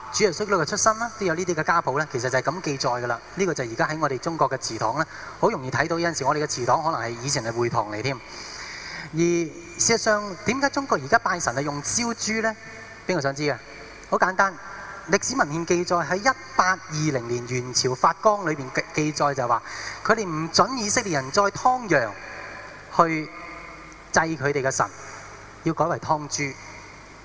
主耶穌佢嘅出身啦，都有呢啲嘅家譜咧。其實就係咁記載嘅啦。呢、呢個就而家喺我哋中國嘅祠堂咧，好容易睇到。有陣時候我哋嘅祠堂可能係以前嘅會堂嚟添。而事實上，點解中國而家拜神係用燒豬咧？邊個想知啊？好簡單，歷史文獻記載喺一八二零年元朝發光裏邊記記載就話，佢哋唔準以色列人再劏羊去祭佢哋嘅神，要改為劏豬。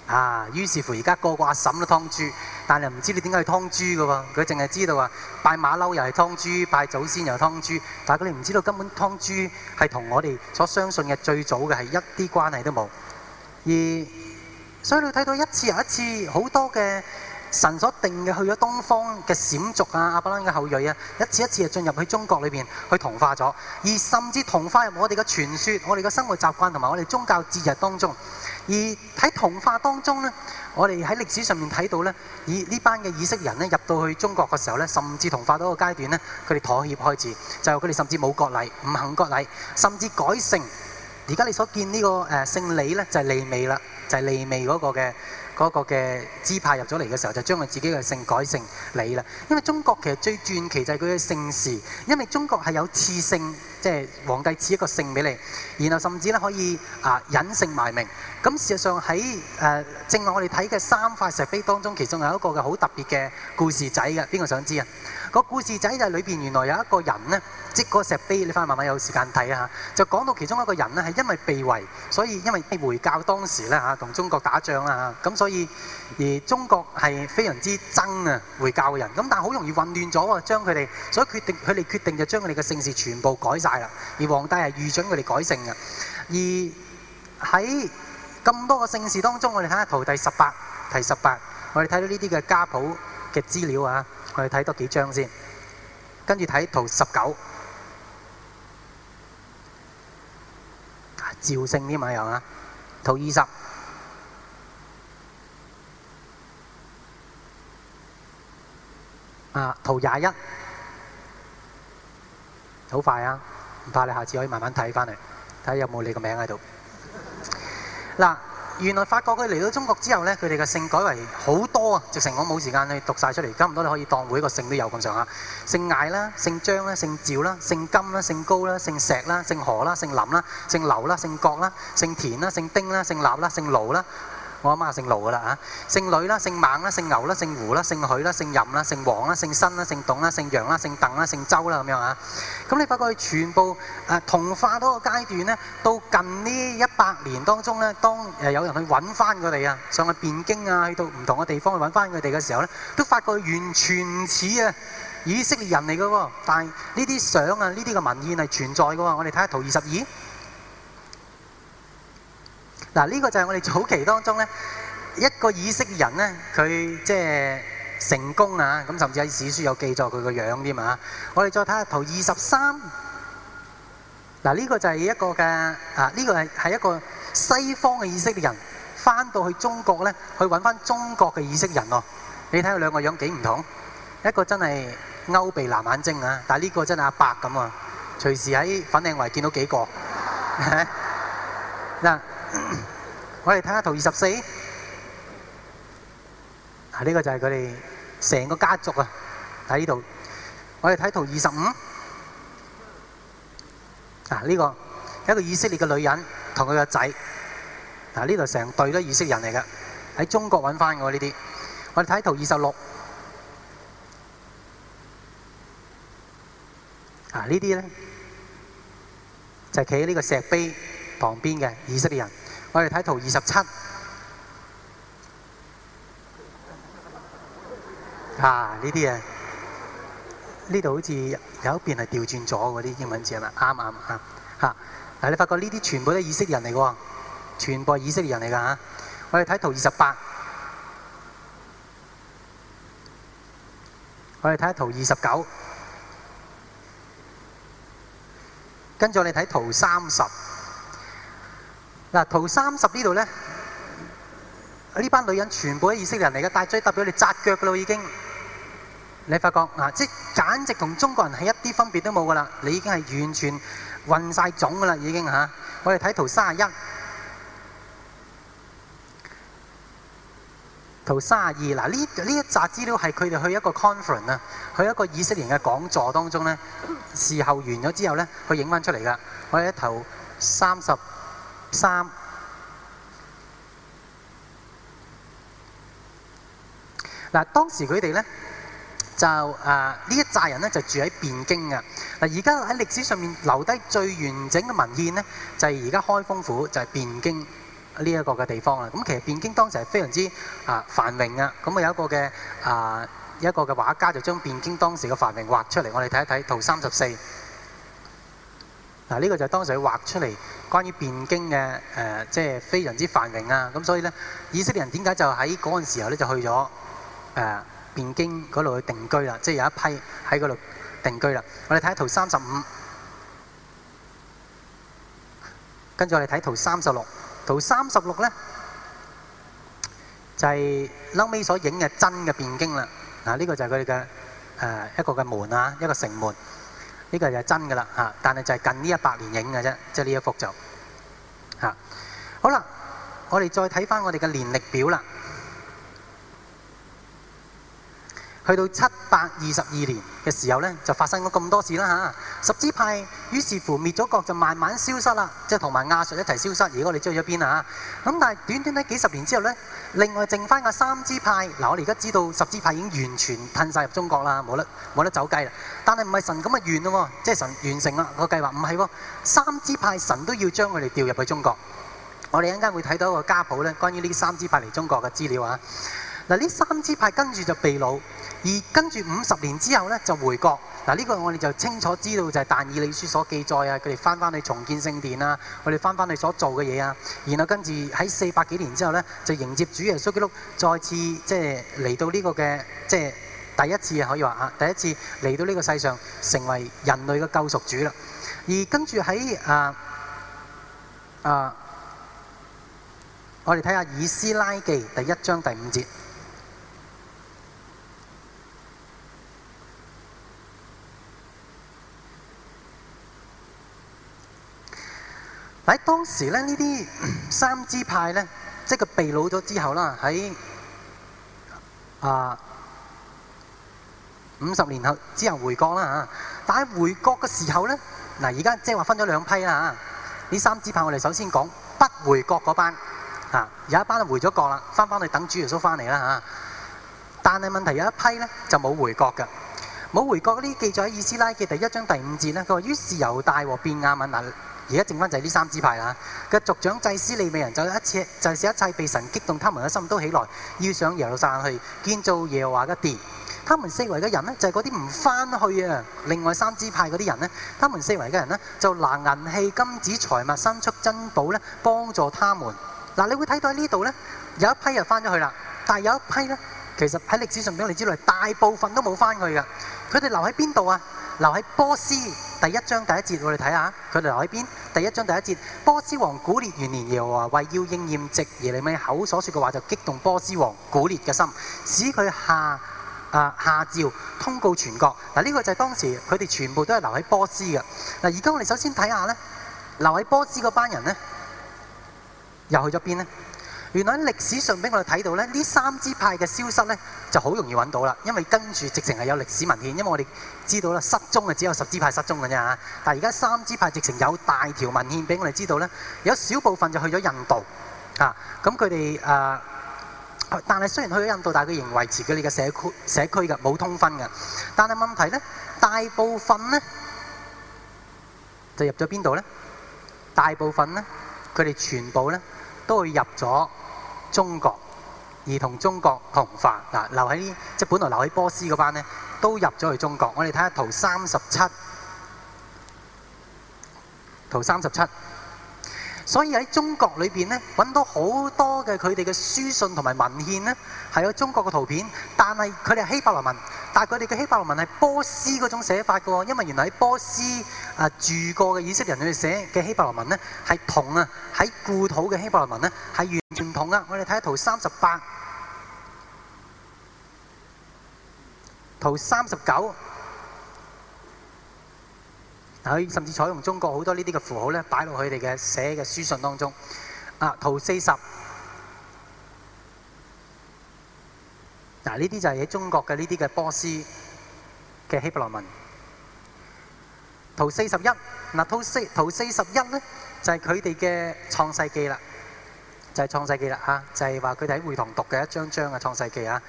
啊！於是乎而家個個阿嬸都劏豬，但係唔知你點解去劏豬嘅喎？佢淨係知道啊，他只知道拜馬騮又係劏豬，拜祖先又劏豬，但係佢哋唔知道根本劏豬係同我哋所相信嘅最早嘅係一啲關係都冇。而所以你睇到一次又一次好多嘅神所定嘅去咗東方嘅閃族啊、亞伯拉罕嘅後裔啊，一次一次係進入去中國裏邊去同化咗，而甚至同化入我哋嘅傳說、我哋嘅生活習慣同埋我哋宗教節日當中。而喺同化當中咧，我哋喺歷史上面睇到咧，以呢班嘅以色人咧入到去中國嘅時候咧，甚至同化到一個階段咧，佢哋妥協開始，就佢哋甚至冇割禮，唔行割禮，甚至改姓。而家你所見呢個誒姓李咧，就係利未啦，就係利未嗰個嘅。嗰個嘅支派入咗嚟嘅時候，就將佢自己嘅姓改成李啦。因為中國其實最傳奇就係佢嘅姓氏，因為中國係有賜姓，即係皇帝賜一個姓俾你，然後甚至咧可以啊隱姓埋名。咁事實上喺啊正話我哋睇嘅三塊石碑當中，其中有一個嘅好特別嘅故事仔嘅，邊個想知啊？個故事仔就係裏邊原來有一個人呢。即嗰個石碑，你翻去慢慢有時間睇啊吓，就講到其中一個人呢，係因為被圍，所以因為回教當時咧吓同中國打仗啊，咁所以而中國係非常之憎啊回教人，咁但係好容易混亂咗喎，將佢哋所以決定佢哋決定就將佢哋嘅姓氏全部改晒啦。而皇帝係預準佢哋改姓嘅。而喺咁多個姓氏當中，我哋睇下圖第十八，提十八，我哋睇到呢啲嘅家譜嘅資料啊，我哋睇多幾張先，跟住睇圖十九。趙姓呢班人啊，圖二十啊，圖廿一，好快啊，唔怕你下次可以慢慢睇翻嚟，睇下有冇你個名喺度。嗱。 原來發覺佢嚟到中國之後呢，佢哋嘅姓改為好多啊！直情我冇時間去讀晒出嚟，咁唔多你可以當每一個姓都有咁上下，姓艾啦、姓張啦、姓趙啦、姓金啦、姓高啦、姓石啦、姓何啦、姓林啦、姓劉啦、姓郭啦、姓田啦、姓丁啦、姓納啦、姓盧啦。我阿媽姓盧噶啦嚇，姓呂啦、姓孟啦、姓牛啦、姓胡啦、姓許啦、姓任啦、姓黃啦、姓申啦、姓董啦、姓楊啦、姓鄧啦、姓周啦咁樣啊。咁你發覺佢全部誒同化嗰個階段呢，到近呢一百年當中呢，當誒有人去揾翻佢哋啊，上去汴京啊，去到唔同嘅地方去揾翻佢哋嘅時候呢，都發覺完全唔似啊以色列人嚟嘅喎。但係呢啲相啊，呢啲嘅文獻係存在嘅喎。我哋睇下圖二十二。嗱，呢個就係我哋早期當中咧，一個以色列人咧，佢即係成功啊！咁甚至喺史書有記載佢個樣添啊！我哋再睇下圖二十三。嗱，呢個就係一個嘅啊，呢個係係一個西方嘅以色列人，翻到去中國咧，去揾翻中國嘅以色列人喎。你睇佢兩個樣幾唔同？一個真係勾鼻藍眼睛啊，但係呢個真係阿伯咁啊！隨時喺粉嶺圍見到幾個。嗱。我哋睇下圖二十四，啊呢個就係佢哋成個家族啊，喺呢度。我哋睇圖二十五，啊呢個一個以色列嘅女人同佢個仔，啊呢度成對都以色列人嚟㗎，喺中國揾翻嘅呢啲。我哋睇圖二十六，啊呢啲咧就係企喺呢個石碑，旁邊嘅以色列人，我哋睇圖二十七啊，呢啲嘢，呢度好似有一邊係調轉咗嗰啲英文字係咪？啱啱啊啊！但係你發覺呢啲全部都係以色列人嚟嘅，全部係以色列人嚟嘅吓。我哋睇圖二十八，我哋睇圖二十九，跟住我哋睇圖三十。圖三十呢度呢，呢班女人全部都係以色列人嚟嘅，但最，特別係你紮腳嘅咯，已經。你發覺、啊、即簡直同中國人係一啲分別都冇㗎啦，你已經係完全混晒種㗎啦，已經吓、啊，我哋睇圖三十、啊、一、圖三十二，嗱呢呢一紮資料係佢哋去一個 conference 啊，去一個以色列人嘅講座當中呢，事後完咗之後呢，佢影翻出嚟㗎。我哋喺圖三十三嗱，當時佢哋咧就啊呢一紮人咧就住喺汴京嘅嗱。而家喺歷史上面留低最完整嘅文獻咧，就係而家開封府就係汴京呢一個嘅地方啦。咁其實汴京當時係非常之啊繁榮啊。咁啊有一個嘅啊一個嘅畫家就將汴京當時嘅繁榮畫出嚟，我哋睇一睇圖三十四。嗱，呢個就係當時佢畫出嚟關於汴京嘅誒，即係非常之繁榮啊！咁所以咧，以色列人點解就喺嗰陣時候咧就去咗誒汴京嗰度去定居啦？即係有一批喺嗰度定居啦。我哋睇下圖三十五，跟住我哋睇圖三十六。圖三十六咧就係後屘所影嘅真嘅汴京啦。嗱，呢個就係佢哋嘅誒一個嘅門啊，一個城門。呢個就係真㗎喇，但係就係近呢一百年影嘅啫，即係呢一幅就。好啦，我哋再睇返我哋嘅年歷表啦。去到七百二十二年嘅時候咧，就發生咗咁多事啦嚇。十支派於是乎滅咗國，就慢慢消失啦，即係同埋亞述一齊消失。而家我哋追咗邊啊？咁但係短短咧幾十年之後咧，另外剩翻個三支派嗱，我哋而家知道十支派已經完全褪晒入中國啦，冇得冇得走雞啦。但係唔係神咁嘅完咯，即係神完成啦個計劃。唔係喎，三支派神都要將佢哋調入去中國。我哋一陣間會睇到個家譜咧，關於呢三支派嚟中國嘅資料啊。嗱，呢三支派跟住就被擄。而跟住五十年之後呢，就回國。嗱，呢個我哋就清楚知道就係但以理書所記載啊，佢哋翻返去重建聖殿啊，我哋翻返去所做嘅嘢啊。然後跟住喺四百幾年之後呢，就迎接主耶穌基督再次即係嚟到呢個嘅即係第一次可以話啊，第一次嚟到呢個世上成為人類嘅救贖主啦。而跟住喺啊啊，我哋睇下以斯拉記第一章第五節。喺當時咧，呢啲三支派咧，即係佢被攞咗之後啦，喺啊五十年後之後回國啦嚇。但係回國嘅時候咧，嗱而家即係話分咗兩批啦嚇。呢三支派我哋首先講不回國嗰班嚇、啊，有一班就回咗國啦，翻返去等主耶穌翻嚟啦嚇。但係問題是有一批咧就冇回國嘅，冇回國呢？記載喺《以斯拉記》第一章第五節咧，佢話於是猶大和便雅明嗱。而家剩翻就係呢三支派啦。嘅族長、祭司、利未人就一切，就是一切被神激動，他們嘅心都起來，要上耶路撒冷去建造耶和華嘅殿。他們四圍嘅人呢，就係嗰啲唔翻去啊。另外三支派嗰啲人呢，他們四圍嘅人呢，就拿銀器、金子、財物、牲畜、珍寶呢，幫助他們。嗱，你會睇到喺呢度呢，有一批就翻咗去啦，但係有一批呢，其實喺歷史上邊你哋知道係大部分都冇翻去嘅。佢哋留喺邊度啊？留喺波斯。第一章第一節，我哋睇下佢哋留喺邊。第一章第一節，波斯王古列元年耶和華為要應驗藉耶利米口所說嘅話，就激動波斯王古列嘅心，使佢下啊下詔通告全國。嗱、啊，呢、這個就係當時佢哋全部都係留喺波斯嘅。嗱、啊，而家我哋首先睇下呢留喺波斯嗰班人呢，又去咗邊呢？原來喺歷史上，俾我哋睇到咧，呢三支派嘅消失咧，就好容易揾到啦。因為跟住直情係有歷史文獻，因為我哋知道啦，失蹤嘅只有十支派失蹤嘅啫嚇。但係而家三支派直情有大條文獻俾我哋知道咧，有小部分就去咗印度啊。咁佢哋誒，但係雖然去咗印度，但係佢仍維持佢哋嘅社區社區嘅，冇通分嘅。但係問題咧，大部分咧就入咗邊度咧？大部分咧，佢哋全部咧都會入咗。中國，而同中國同化嗱，留喺即係本來留喺波斯嗰班咧，都入咗去中國。我哋睇下圖三十七，圖三十七。所以喺中國裏面咧，搵到好多嘅佢哋嘅書信同埋文獻呢，係有中國嘅圖片，但係佢哋係希伯來文，但係佢哋嘅希伯來文係波斯嗰種寫法嘅喎，因為原來喺波斯啊、呃、住過嘅以色列人去寫嘅希伯來文呢係同啊喺故土嘅希伯來文呢係完全唔同啊！我哋睇圖38，圖三十八、圖三十九。佢甚至採用中國好多呢啲嘅符號咧，擺落佢哋嘅寫嘅書信當中。啊，圖四十，嗱呢啲就係喺中國嘅呢啲嘅波斯嘅希伯羅文。圖四十一，嗱圖四圖四十一咧，就係佢哋嘅創世記啦，就係創世記啦嚇，就係話佢哋喺會堂讀嘅一張張嘅創世記啊。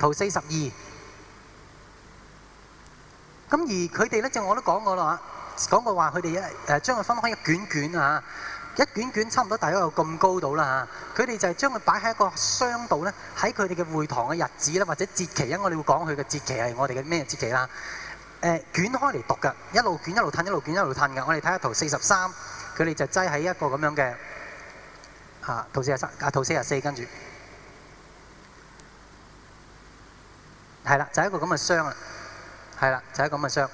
圖四十二，咁而佢哋咧，就我都講過啦嚇。講過話，佢哋誒將佢分開一卷卷啊，一卷卷差唔多大約有咁高度啦嚇。佢哋就係將佢擺喺一個箱度咧，喺佢哋嘅會堂嘅日子咧，或者節期，因為我哋會講佢嘅節期係我哋嘅咩節期啦。誒，捲開嚟讀噶，一路捲一路褪，一路捲一路褪噶。我哋睇下圖四十三，佢哋就擠喺一個咁樣嘅嚇，圖四十三啊，圖四十四跟住係啦，就係一個咁嘅箱啊，係啦，就係一個咁嘅箱。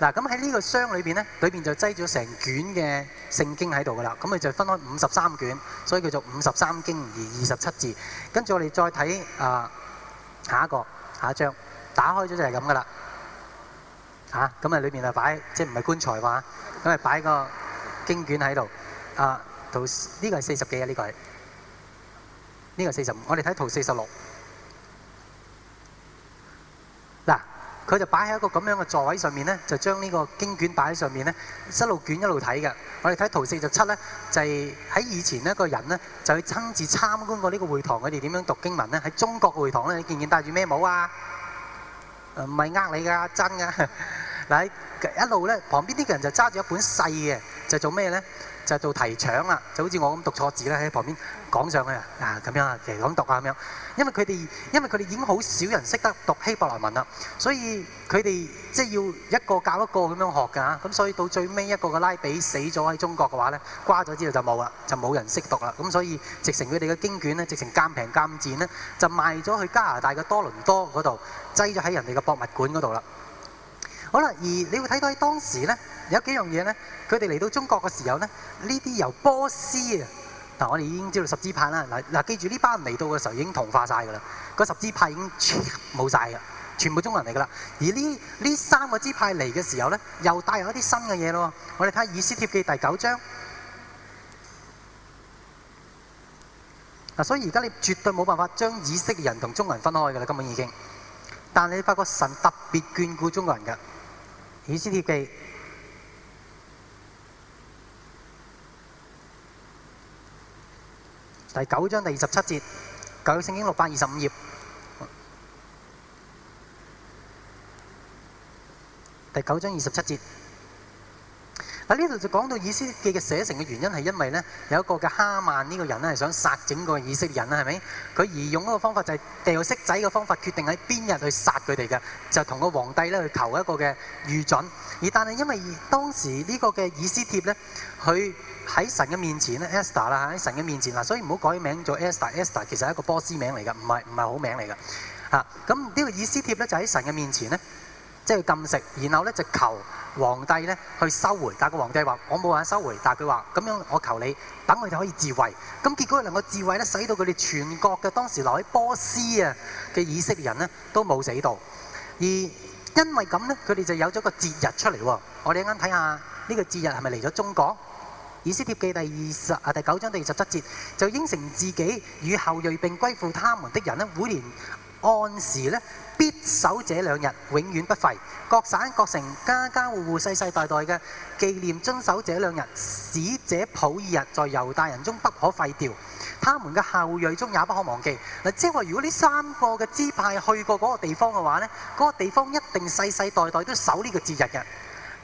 嗱，咁喺呢個箱裏邊咧，裏邊就擠咗成卷嘅聖經喺度噶啦，咁佢就分開五十三卷，所以叫做五十三經而二十七字。跟住我哋再睇啊，下一個下一張，打開咗就係咁噶啦，嚇，咁啊裏邊就擺即係唔係棺材話，咁啊擺個經卷喺度，啊圖呢個係四十幾啊，呢個係呢個係四十，我哋睇圖四十六。佢就擺喺一個咁樣嘅座位上面咧，就將呢個經卷擺喺上面咧，一路捲一路睇嘅。我哋睇圖四十七咧，就係喺以前咧，個人咧就去親自參觀過呢個會堂，佢哋點樣讀經文咧？喺中國會堂咧，你見唔見戴住咩帽啊？唔係呃你㗎，真㗎。嗱 一路咧，旁邊啲人就揸住一本細嘅，就做咩咧？就係、做提綱啦，就好似我咁讀錯字咧，喺旁邊講上去啊咁樣，其實咁讀啊咁樣。因為佢哋，因為佢哋已經好少人識得讀希伯來文啦，所以佢哋即係要一個教一個咁樣學㗎。咁所以到最尾一個個拉比死咗喺中國嘅話呢，瓜咗之後就冇啦，就冇人識讀啦。咁所以直情佢哋嘅經卷呢，直情攢平攢賤呢，就賣咗去加拿大嘅多倫多嗰度，擠咗喺人哋嘅博物館嗰度啦。好啦，而你會睇到喺當時咧，有幾樣嘢咧，佢哋嚟到中國嘅時候咧，呢啲由波斯啊，嗱，我哋已經知道十支派啦，嗱、啊、嗱記住呢班人嚟到嘅時候已經同化晒噶啦，個十支派已經冇曬噶，全部中國人嚟噶啦。而呢呢三個支派嚟嘅時候咧，又帶入一啲新嘅嘢咯。我哋睇下以斯帖記第九章，嗱、啊、所以而家你絕對冇辦法將以色列人同中國人分開噶啦，根本已經。但你發覺神特別眷顧中國人噶。以斯帖記第九章第二十七節，舊聖經六百二十五頁。第九章二十七節。喺呢度就講到《以斯記》嘅寫成嘅原因係因為咧有一個嘅哈曼呢個人咧係想殺整個以色列人啦，係咪？佢而用一個方法就係掉骰仔嘅方法決定喺邊日去殺佢哋嘅，就同個皇帝咧去求一個嘅預準。而但係因為當時這個呢個嘅以斯帖咧，佢喺神嘅面前咧 Esther 啦嚇喺神嘅面前嗱，所以唔好改名做 Esther，Esther 其實係一個波斯名嚟㗎，唔係唔係好名嚟㗎嚇。咁，啊，呢個以斯帖咧就喺神嘅面前咧，即係禁食，然後咧就求。皇帝咧去收回，但個皇帝話：我冇話收回，但係佢話咁樣，我求你等佢哋可以自衛。咁結果能夠自衛咧，使到佢哋全國嘅當時留喺波斯啊嘅以色列人咧都冇死到。而因為咁咧，佢哋就有咗個節日出嚟喎。我哋一陣睇下呢個節日係咪嚟咗中國？以斯帖記第二十啊第九章第二十七節，就應承自己與後裔並歸附他們的人咧，每年按時咧。必守這兩日，永遠不廢。各省各城家家戶戶世世代代嘅紀念，遵守這兩日。使者普爾日在猶大人中不可廢掉，他們嘅後裔中也不可忘記。嗱，即係話，如果呢三個嘅支派去過嗰個地方嘅話呢，嗰、嗰個地方一定世世代代代都守呢個節日嘅，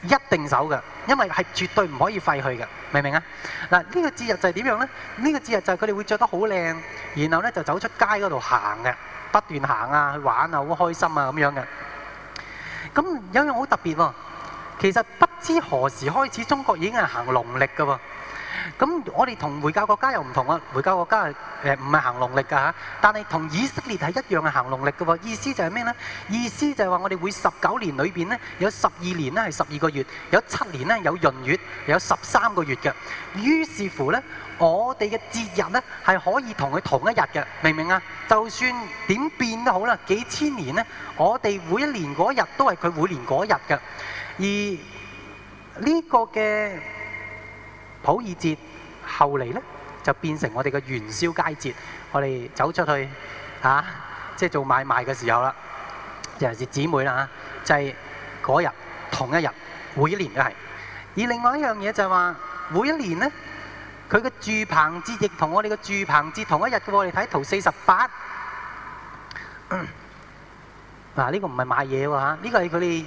一定守嘅，因為係絕對唔可以廢去嘅，明唔明啊？嗱，呢個節日就係點樣呢？呢個節日就係佢哋會着得好靚，然後呢就走出街嗰度行嘅。不斷行啊，去玩啊，好開心啊，咁樣嘅。咁有一樣好特別喎、啊，其實不知何時開始，中國已經係行農曆嘅喎。咁我哋同回教國家又唔同啊，回教國家誒唔係行農曆㗎嚇，但係同以色列係一樣係行農曆嘅喎。意思就係咩呢？意思就係話我哋會十九年裏邊呢，有十二年呢係十二個月，有七年呢有閏月，有十三個月嘅。於是乎呢。我哋嘅節日呢，係可以同佢同一日嘅，明唔明啊？就算點變都好啦，幾千年呢，我哋每一年嗰日都係佢每年嗰日嘅。而呢個嘅普爾節後嚟呢，就變成我哋嘅元宵佳節。我哋走出去嚇，即、啊、係、就是、做買賣嘅時候啦，尤其是姊妹啦就係嗰日同一日，每一年都係。而另外一樣嘢就係、是、話，每一年呢。佢嘅住棚節亦同我哋嘅住棚節同一日嘅喎，你睇圖四十八。嗱，呢、 啊這個唔係買嘢喎嚇，呢、啊這個係佢哋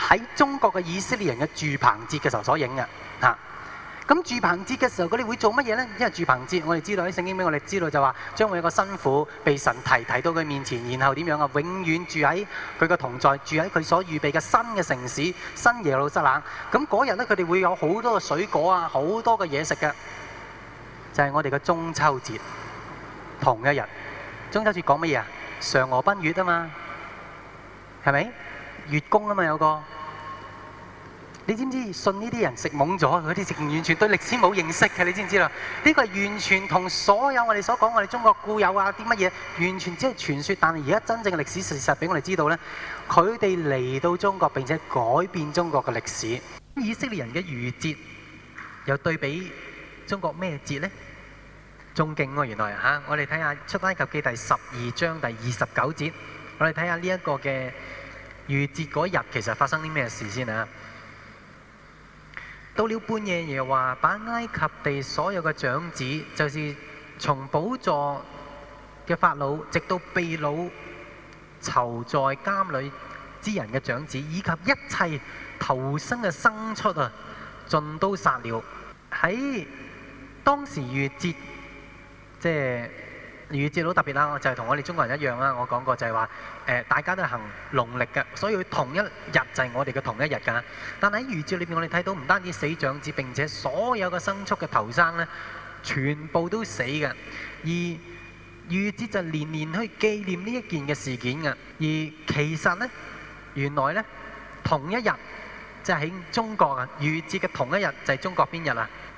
喺中國嘅以色列人嘅住棚節嘅時候所影嘅吓，咁、啊、住棚節嘅時候，佢哋會做乜嘢咧？因為住棚節，我哋知道喺聖經畀我哋知道就話將會有個辛苦被神提提到佢面前，然後點樣啊？永遠住喺佢個同在，住喺佢所預備嘅新嘅城市，新耶路撒冷。咁嗰日咧，佢哋會有好多嘅水果啊，好多嘅嘢食嘅、啊。就係、是、我哋嘅中秋節同一日，中秋節講乜嘢啊？嫦娥奔月啊嘛，係咪？月宮啊嘛有個，你知唔知信這些？信呢啲人食懵咗，佢啲完完全對歷史冇認識嘅，你知唔知啦？呢、這個係完全同所有我哋所講我哋中國固有啊啲乜嘢，完全只係傳說。但係而家真正嘅歷史事實俾我哋知道咧，佢哋嚟到中國並且改變中國嘅歷史。以色列人嘅逾節又對比。中國咩節呢？仲勁喎，原來嚇、啊！我哋睇下出埃及記第十二章第二十九節，我哋睇下呢一個嘅預節嗰日，其實發生啲咩事先啊？到了半夜，耶華把埃及地所有嘅長子，就是從寶座嘅法老直到被擄囚在監裏之人嘅長子，以及一切頭生嘅牲畜啊，盡都殺了喺。在當時逾越節，即係逾越節好特別啦，我就係、是、同我哋中國人一樣啦。我講過就係話，誒、呃、大家都係行農曆嘅，所以佢同一日就係我哋嘅同一日㗎。但喺逾越節裏邊，我哋睇到唔單止死長子，並且所有嘅牲畜嘅頭生咧，全部都死嘅。而逾越節就年年去紀念呢一件嘅事件嘅。而其實咧，原來咧同一日，即係喺中國啊，逾越節嘅同一日就係中國邊日啊？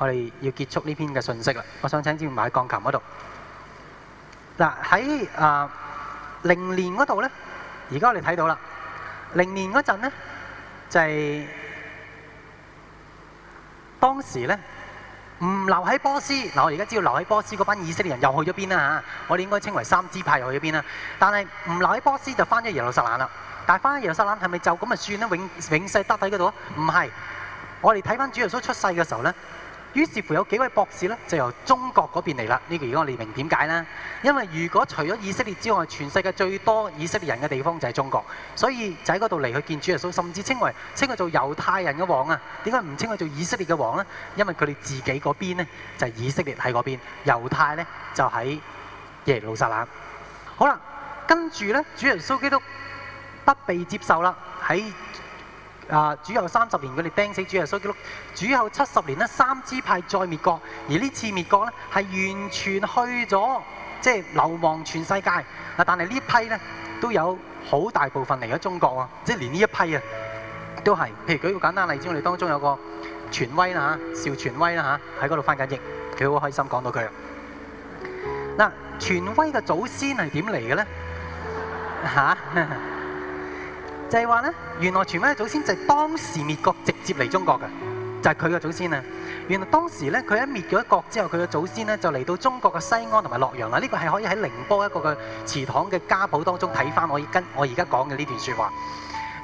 我哋要結束呢篇嘅信息啦。我想請朱銘買鋼琴嗰度。嗱喺啊零年嗰度咧，而家我哋睇到啦。零年嗰陣咧，就係當時咧，唔留喺波斯。嗱，我而家知道留喺波斯嗰班以色列人又去咗邊啦嚇。我哋應該稱為三支派又去咗邊啦。但係唔留喺波斯就翻咗耶路撒冷啦。但係翻咗耶路撒冷係咪就咁咪算咧？永永世得喺嗰度？唔係，我哋睇翻主耶穌出世嘅時候咧。於是乎有幾位博士咧，就由中國嗰邊嚟啦。呢、這個如果我哋明點解呢？因為如果除咗以色列之外，全世界最多以色列人嘅地方就係中國，所以就喺嗰度嚟去見主耶穌，甚至稱為稱佢做猶太人嘅王啊！點解唔稱佢做以色列嘅王呢？因為佢哋自己嗰邊呢，就係、是、以色列喺嗰邊，猶太呢就喺耶路撒冷。好啦，跟住呢，主耶穌基督不被接受啦，喺。啊！主後三十年，佢哋釘死主啊！所格魯。主後七十年呢三支派再滅國。而呢次滅國咧，係完全去咗，即係流亡全世界。啊！但係呢批咧，都有好大部分嚟咗中國啊，即係連呢一批啊，都係。譬如舉個簡單例子，我哋當中有個傳威啦嚇，邵傳威啦嚇，喺嗰度翻緊譯，佢好開心講到佢。嗱，傳威嘅祖先係點嚟嘅咧？嚇！就係話呢，原來傳聞嘅祖先就係當時滅國直接嚟中國嘅，就係佢個祖先啊！原來當時呢，佢一滅咗一國之後，佢嘅祖先呢就嚟到中國嘅西安同埋洛陽啦。呢個係可以喺寧波一個嘅祠堂嘅家譜當中睇翻，可以跟我而家講嘅呢段説話。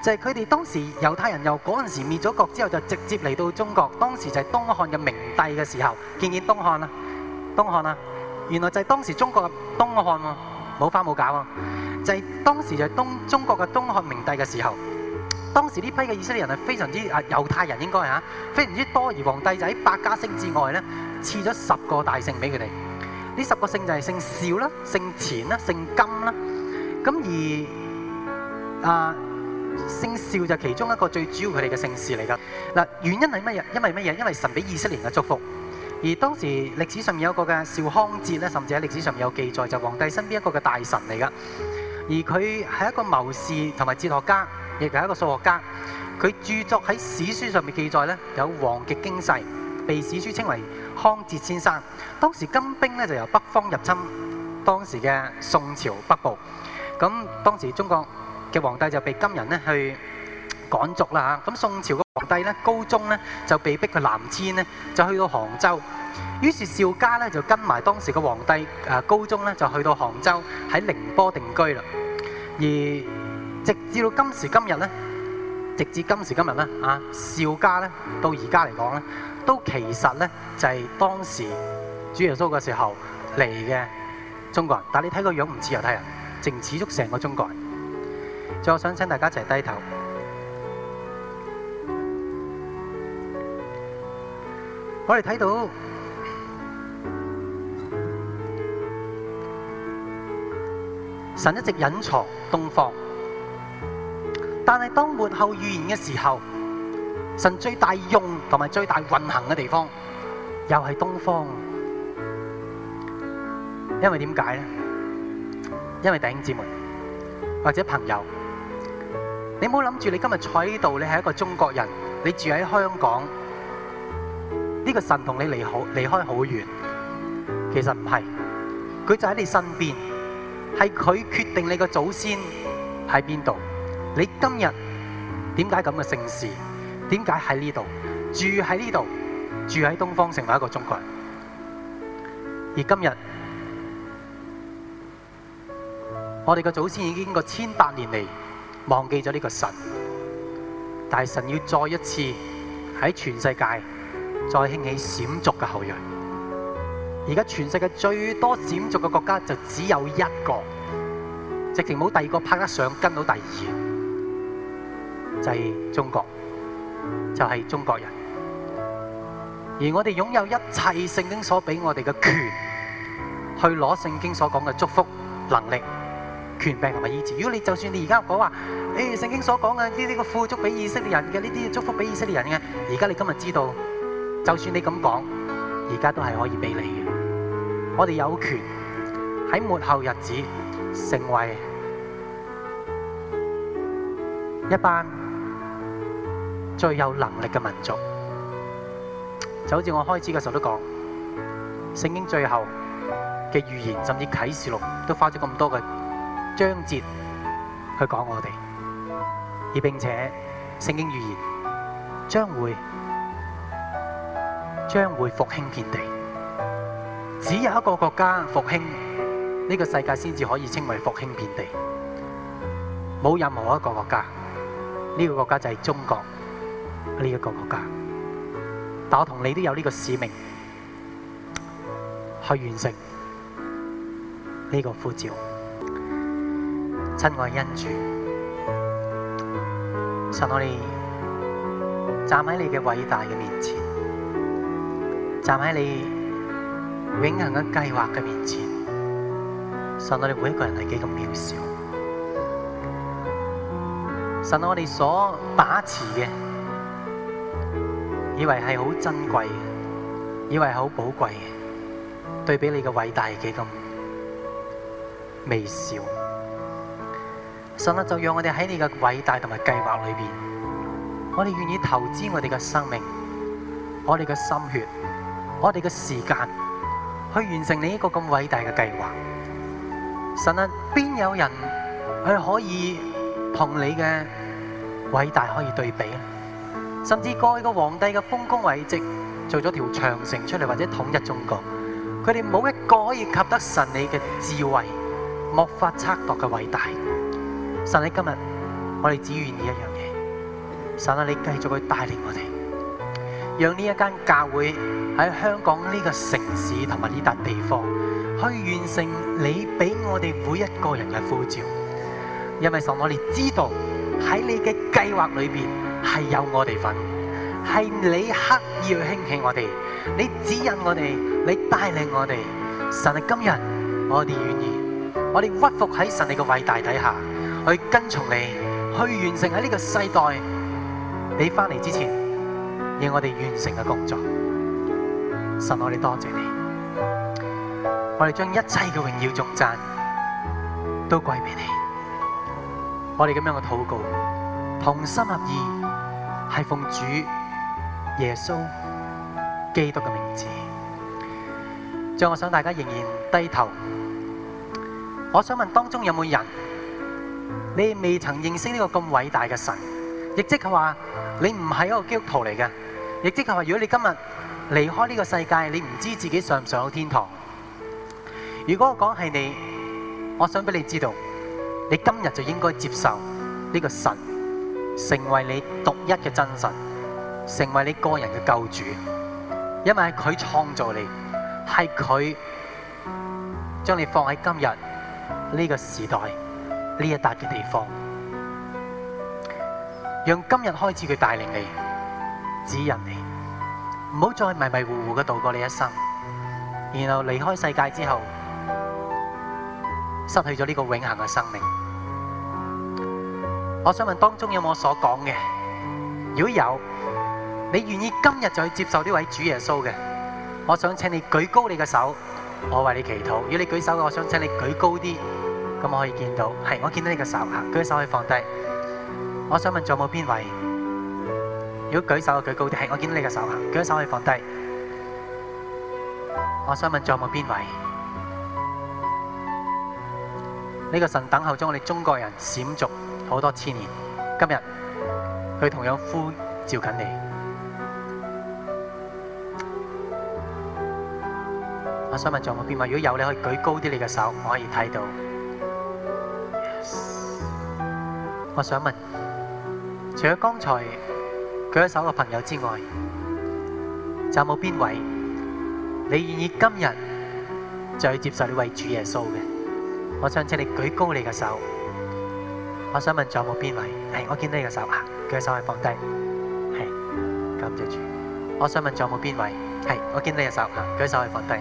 就係佢哋當時猶太人由嗰陣時滅咗國之後，就直接嚟到中國。當時就係東漢嘅明帝嘅時候，見見東漢啊，東漢啊！原來就係當時中國嘅東漢喎，冇花冇假啊。沒法沒法啊。就係當時就係東中國嘅東漢明帝嘅時候，當時呢批嘅以色列人係非常之啊猶太人應該係嚇，非常之多。而皇帝就喺百家姓之外咧，賜咗十個大姓俾佢哋。呢十個姓就係姓邵啦、姓錢啦、姓金啦。咁而啊姓邵就其中一個最主要佢哋嘅姓氏嚟噶。嗱，原因係乜嘢？因為乜嘢？因為神俾以色列人嘅祝福。而當時歷史上面有個嘅邵康節咧，甚至喺歷史上面有記載，就皇帝身邊一個嘅大臣嚟噶。而佢係一個謀士同埋哲學家，亦係一個數學家。佢著作喺史書上面記載咧，有《皇極經世》，被史書稱為康節先生。當時金兵咧就由北方入侵當時嘅宋朝北部。咁當時中國嘅皇帝就被金人咧去趕逐啦嚇。咁宋朝嘅皇帝咧，高宗咧就被逼去南遷咧，就去到杭州。於是趙家咧，就跟埋當時嘅皇帝，誒高宗咧，就去到杭州，喺寧波定居啦。而直至到今時今日咧，直至今時今日咧啊，趙家咧，到而家嚟講咧，都其實咧就係當時主耶穌嘅時候嚟嘅中國人。但係你睇個樣唔似猶太人，淨似足成個中國人。最後想請大家一齊低頭，我哋睇到。神一直隱藏東方，但係當末後預言嘅時候，神最大用同埋最大運行嘅地方，又係東方。因為點解呢？因為弟兄姊妹或者朋友，你唔好諗住你今日坐喺度，你係一個中國人，你住喺香港，呢個神同你離開好遠。其實唔係，佢就喺你身邊。係佢決定你個祖先喺邊度，你今日點解咁嘅姓氏？點解喺呢度住喺呢度？住喺東方成為一個中國人。而今日我哋嘅祖先已經過千百年嚟忘記咗呢個神，但係神要再一次喺全世界再興起閃族嘅後裔。而家全世界最多閃族嘅國家就只有一個，直情冇第二個拍得上跟到第二，就係、是、中國，就係、是、中國人。而我哋擁有一切聖經所俾我哋嘅權，去攞聖經所講嘅祝福能力、權柄同埋醫治。如果你就算你而家講話，誒、哎、聖經所講嘅呢啲個富足俾以色列人嘅呢啲祝福俾以色列人嘅，而家你今日知道，就算你咁講，而家都係可以俾你嘅。我哋有權喺末後日子成為一班最有能力嘅民族，就好似我開始嘅時候都講，聖經最後嘅預言甚至啟示錄都花咗咁多嘅章節去講我哋，而並且聖經預言將會將會復興見地。只有一個國家復興，呢個世界先至可以稱為復興遍地。冇任何一個國家，呢個國家就係中國呢一個國家。但我同你都有呢個使命去完成呢個呼召。親愛恩主，神我哋站喺你嘅偉大嘅面前，站喺你，永恆嘅計劃嘅面前，神，我哋每一個人係幾咁渺小，神，我哋所把持嘅，以為係好珍貴嘅，以為係好寶貴嘅，對比你嘅偉大係幾咁微小，神我，就讓我哋喺你嘅偉大同埋計劃裏面，我哋願意投資我哋嘅生命，我哋嘅心血，我哋嘅時間。去完成你呢個咁偉大嘅計劃，神啊，邊有人去可以同你嘅偉大可以對比？甚至過去個皇帝嘅豐功偉績，做咗條長城出嚟，或者統一中國，佢哋冇一個可以及得神你嘅智慧，莫法測度嘅偉大。神你啊，今日，我哋只願意一樣嘢，神啊，你繼續去帶領我哋。讓呢一間教會喺香港呢個城市同埋呢笪地方，去完成你俾我哋每一個人嘅呼召。因為神，我哋知道喺你嘅計劃裏邊係有我哋份，係你刻意去興起我哋，你指引我哋，你帶領我哋。神啊，今日我哋願意，我哋屈服喺神你嘅偉大底下，去跟從你，去完成喺呢個世代你翻嚟之前，應我哋完成嘅工作，神我哋多謝,謝你，我哋將一切嘅榮耀頌讚都歸畀你。我哋咁樣嘅禱告，同心合意，係奉主耶穌基督嘅名字。最後，我想大家仍然低頭，我想問當中有冇人，你未曾認識呢個咁偉大嘅神，亦即係話你唔係一個基督徒嚟嘅。亦即係話，如果你今日離開呢個世界，你唔知自己上唔上到天堂。如果我講係你，我想俾你知道，你今日就應該接受呢個神，成為你獨一嘅真神，成為你個人嘅救主。因為係佢創造你，係佢將你放喺今日呢個時代呢一笪嘅地方，讓今日開始佢帶領你。指引你，唔好再迷迷糊糊嘅度過你一生，然後離開世界之後，失去咗呢個永恆嘅生命。我想問當中有冇我所講嘅？如果有，你願意今日就去接受呢位主耶穌嘅？我想請你舉高你嘅手，我為你祈禱。如果你舉手嘅，我想請你舉高啲，咁我可以見到。係，我見到你嘅手行，佢嘅手可以放低。我想問仲有冇邊位？如果舉手就舉高啲，係我見到你嘅手，舉手可以放低。我想問在冇邊位？呢個神等候咗，我哋中國人閃族好多千年，今日佢同樣呼召緊你。我想問在冇邊位？如果有你可以舉高啲你嘅手，我可以睇到。Yes。我想問，除咗剛才。舉手個朋友之外，仲有冇邊位？你願意今日就去接受你為主耶穌嘅？我想請你舉高你嘅手。我想問仲有冇邊位？係，我見到你嘅手，舉手係放低。係，感謝主。我想問仲有冇邊位？係，我見到你嘅手，舉手係放低。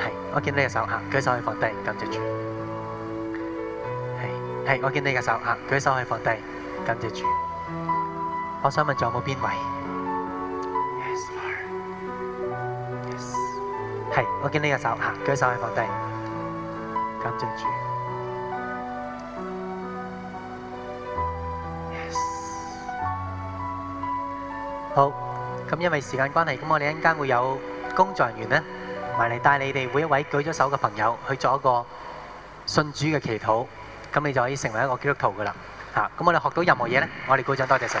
係，我見到你嘅手，舉手係放低，感謝主。係，係，我見到你嘅手，舉手係放低，感謝主。我想問仲有冇邊位？係，我見呢個手，嚇，舉手係放低。感謝主。好，咁因為時間關係，咁我哋一陣間會有工作人員咧，埋嚟帶你哋每一位舉咗手嘅朋友去做一個信主嘅祈禱，咁你就可以成為一個基督徒㗎喇。嚇，咁我哋學到任何嘢咧，我哋鼓掌，多謝神。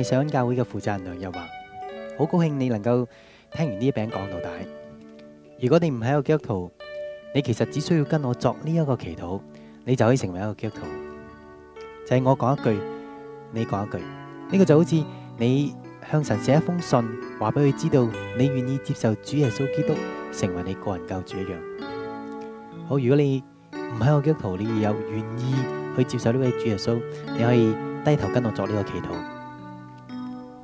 你社工教會嘅負責人梁日華又話：好高興你能夠聽完呢一餅講道帶。如果你唔係一個基督徒，你其實只需要跟我作呢一個祈禱，你就可以成為一個基督徒。就係我講一句，你講一句，呢個就好似你向神寫一封信，話俾佢知道你願意接受主耶穌基督成為你個人救主一樣。好，如果你唔係一個基督徒，你有願意去接受呢位主耶穌，你可以低頭跟我作呢個祈禱。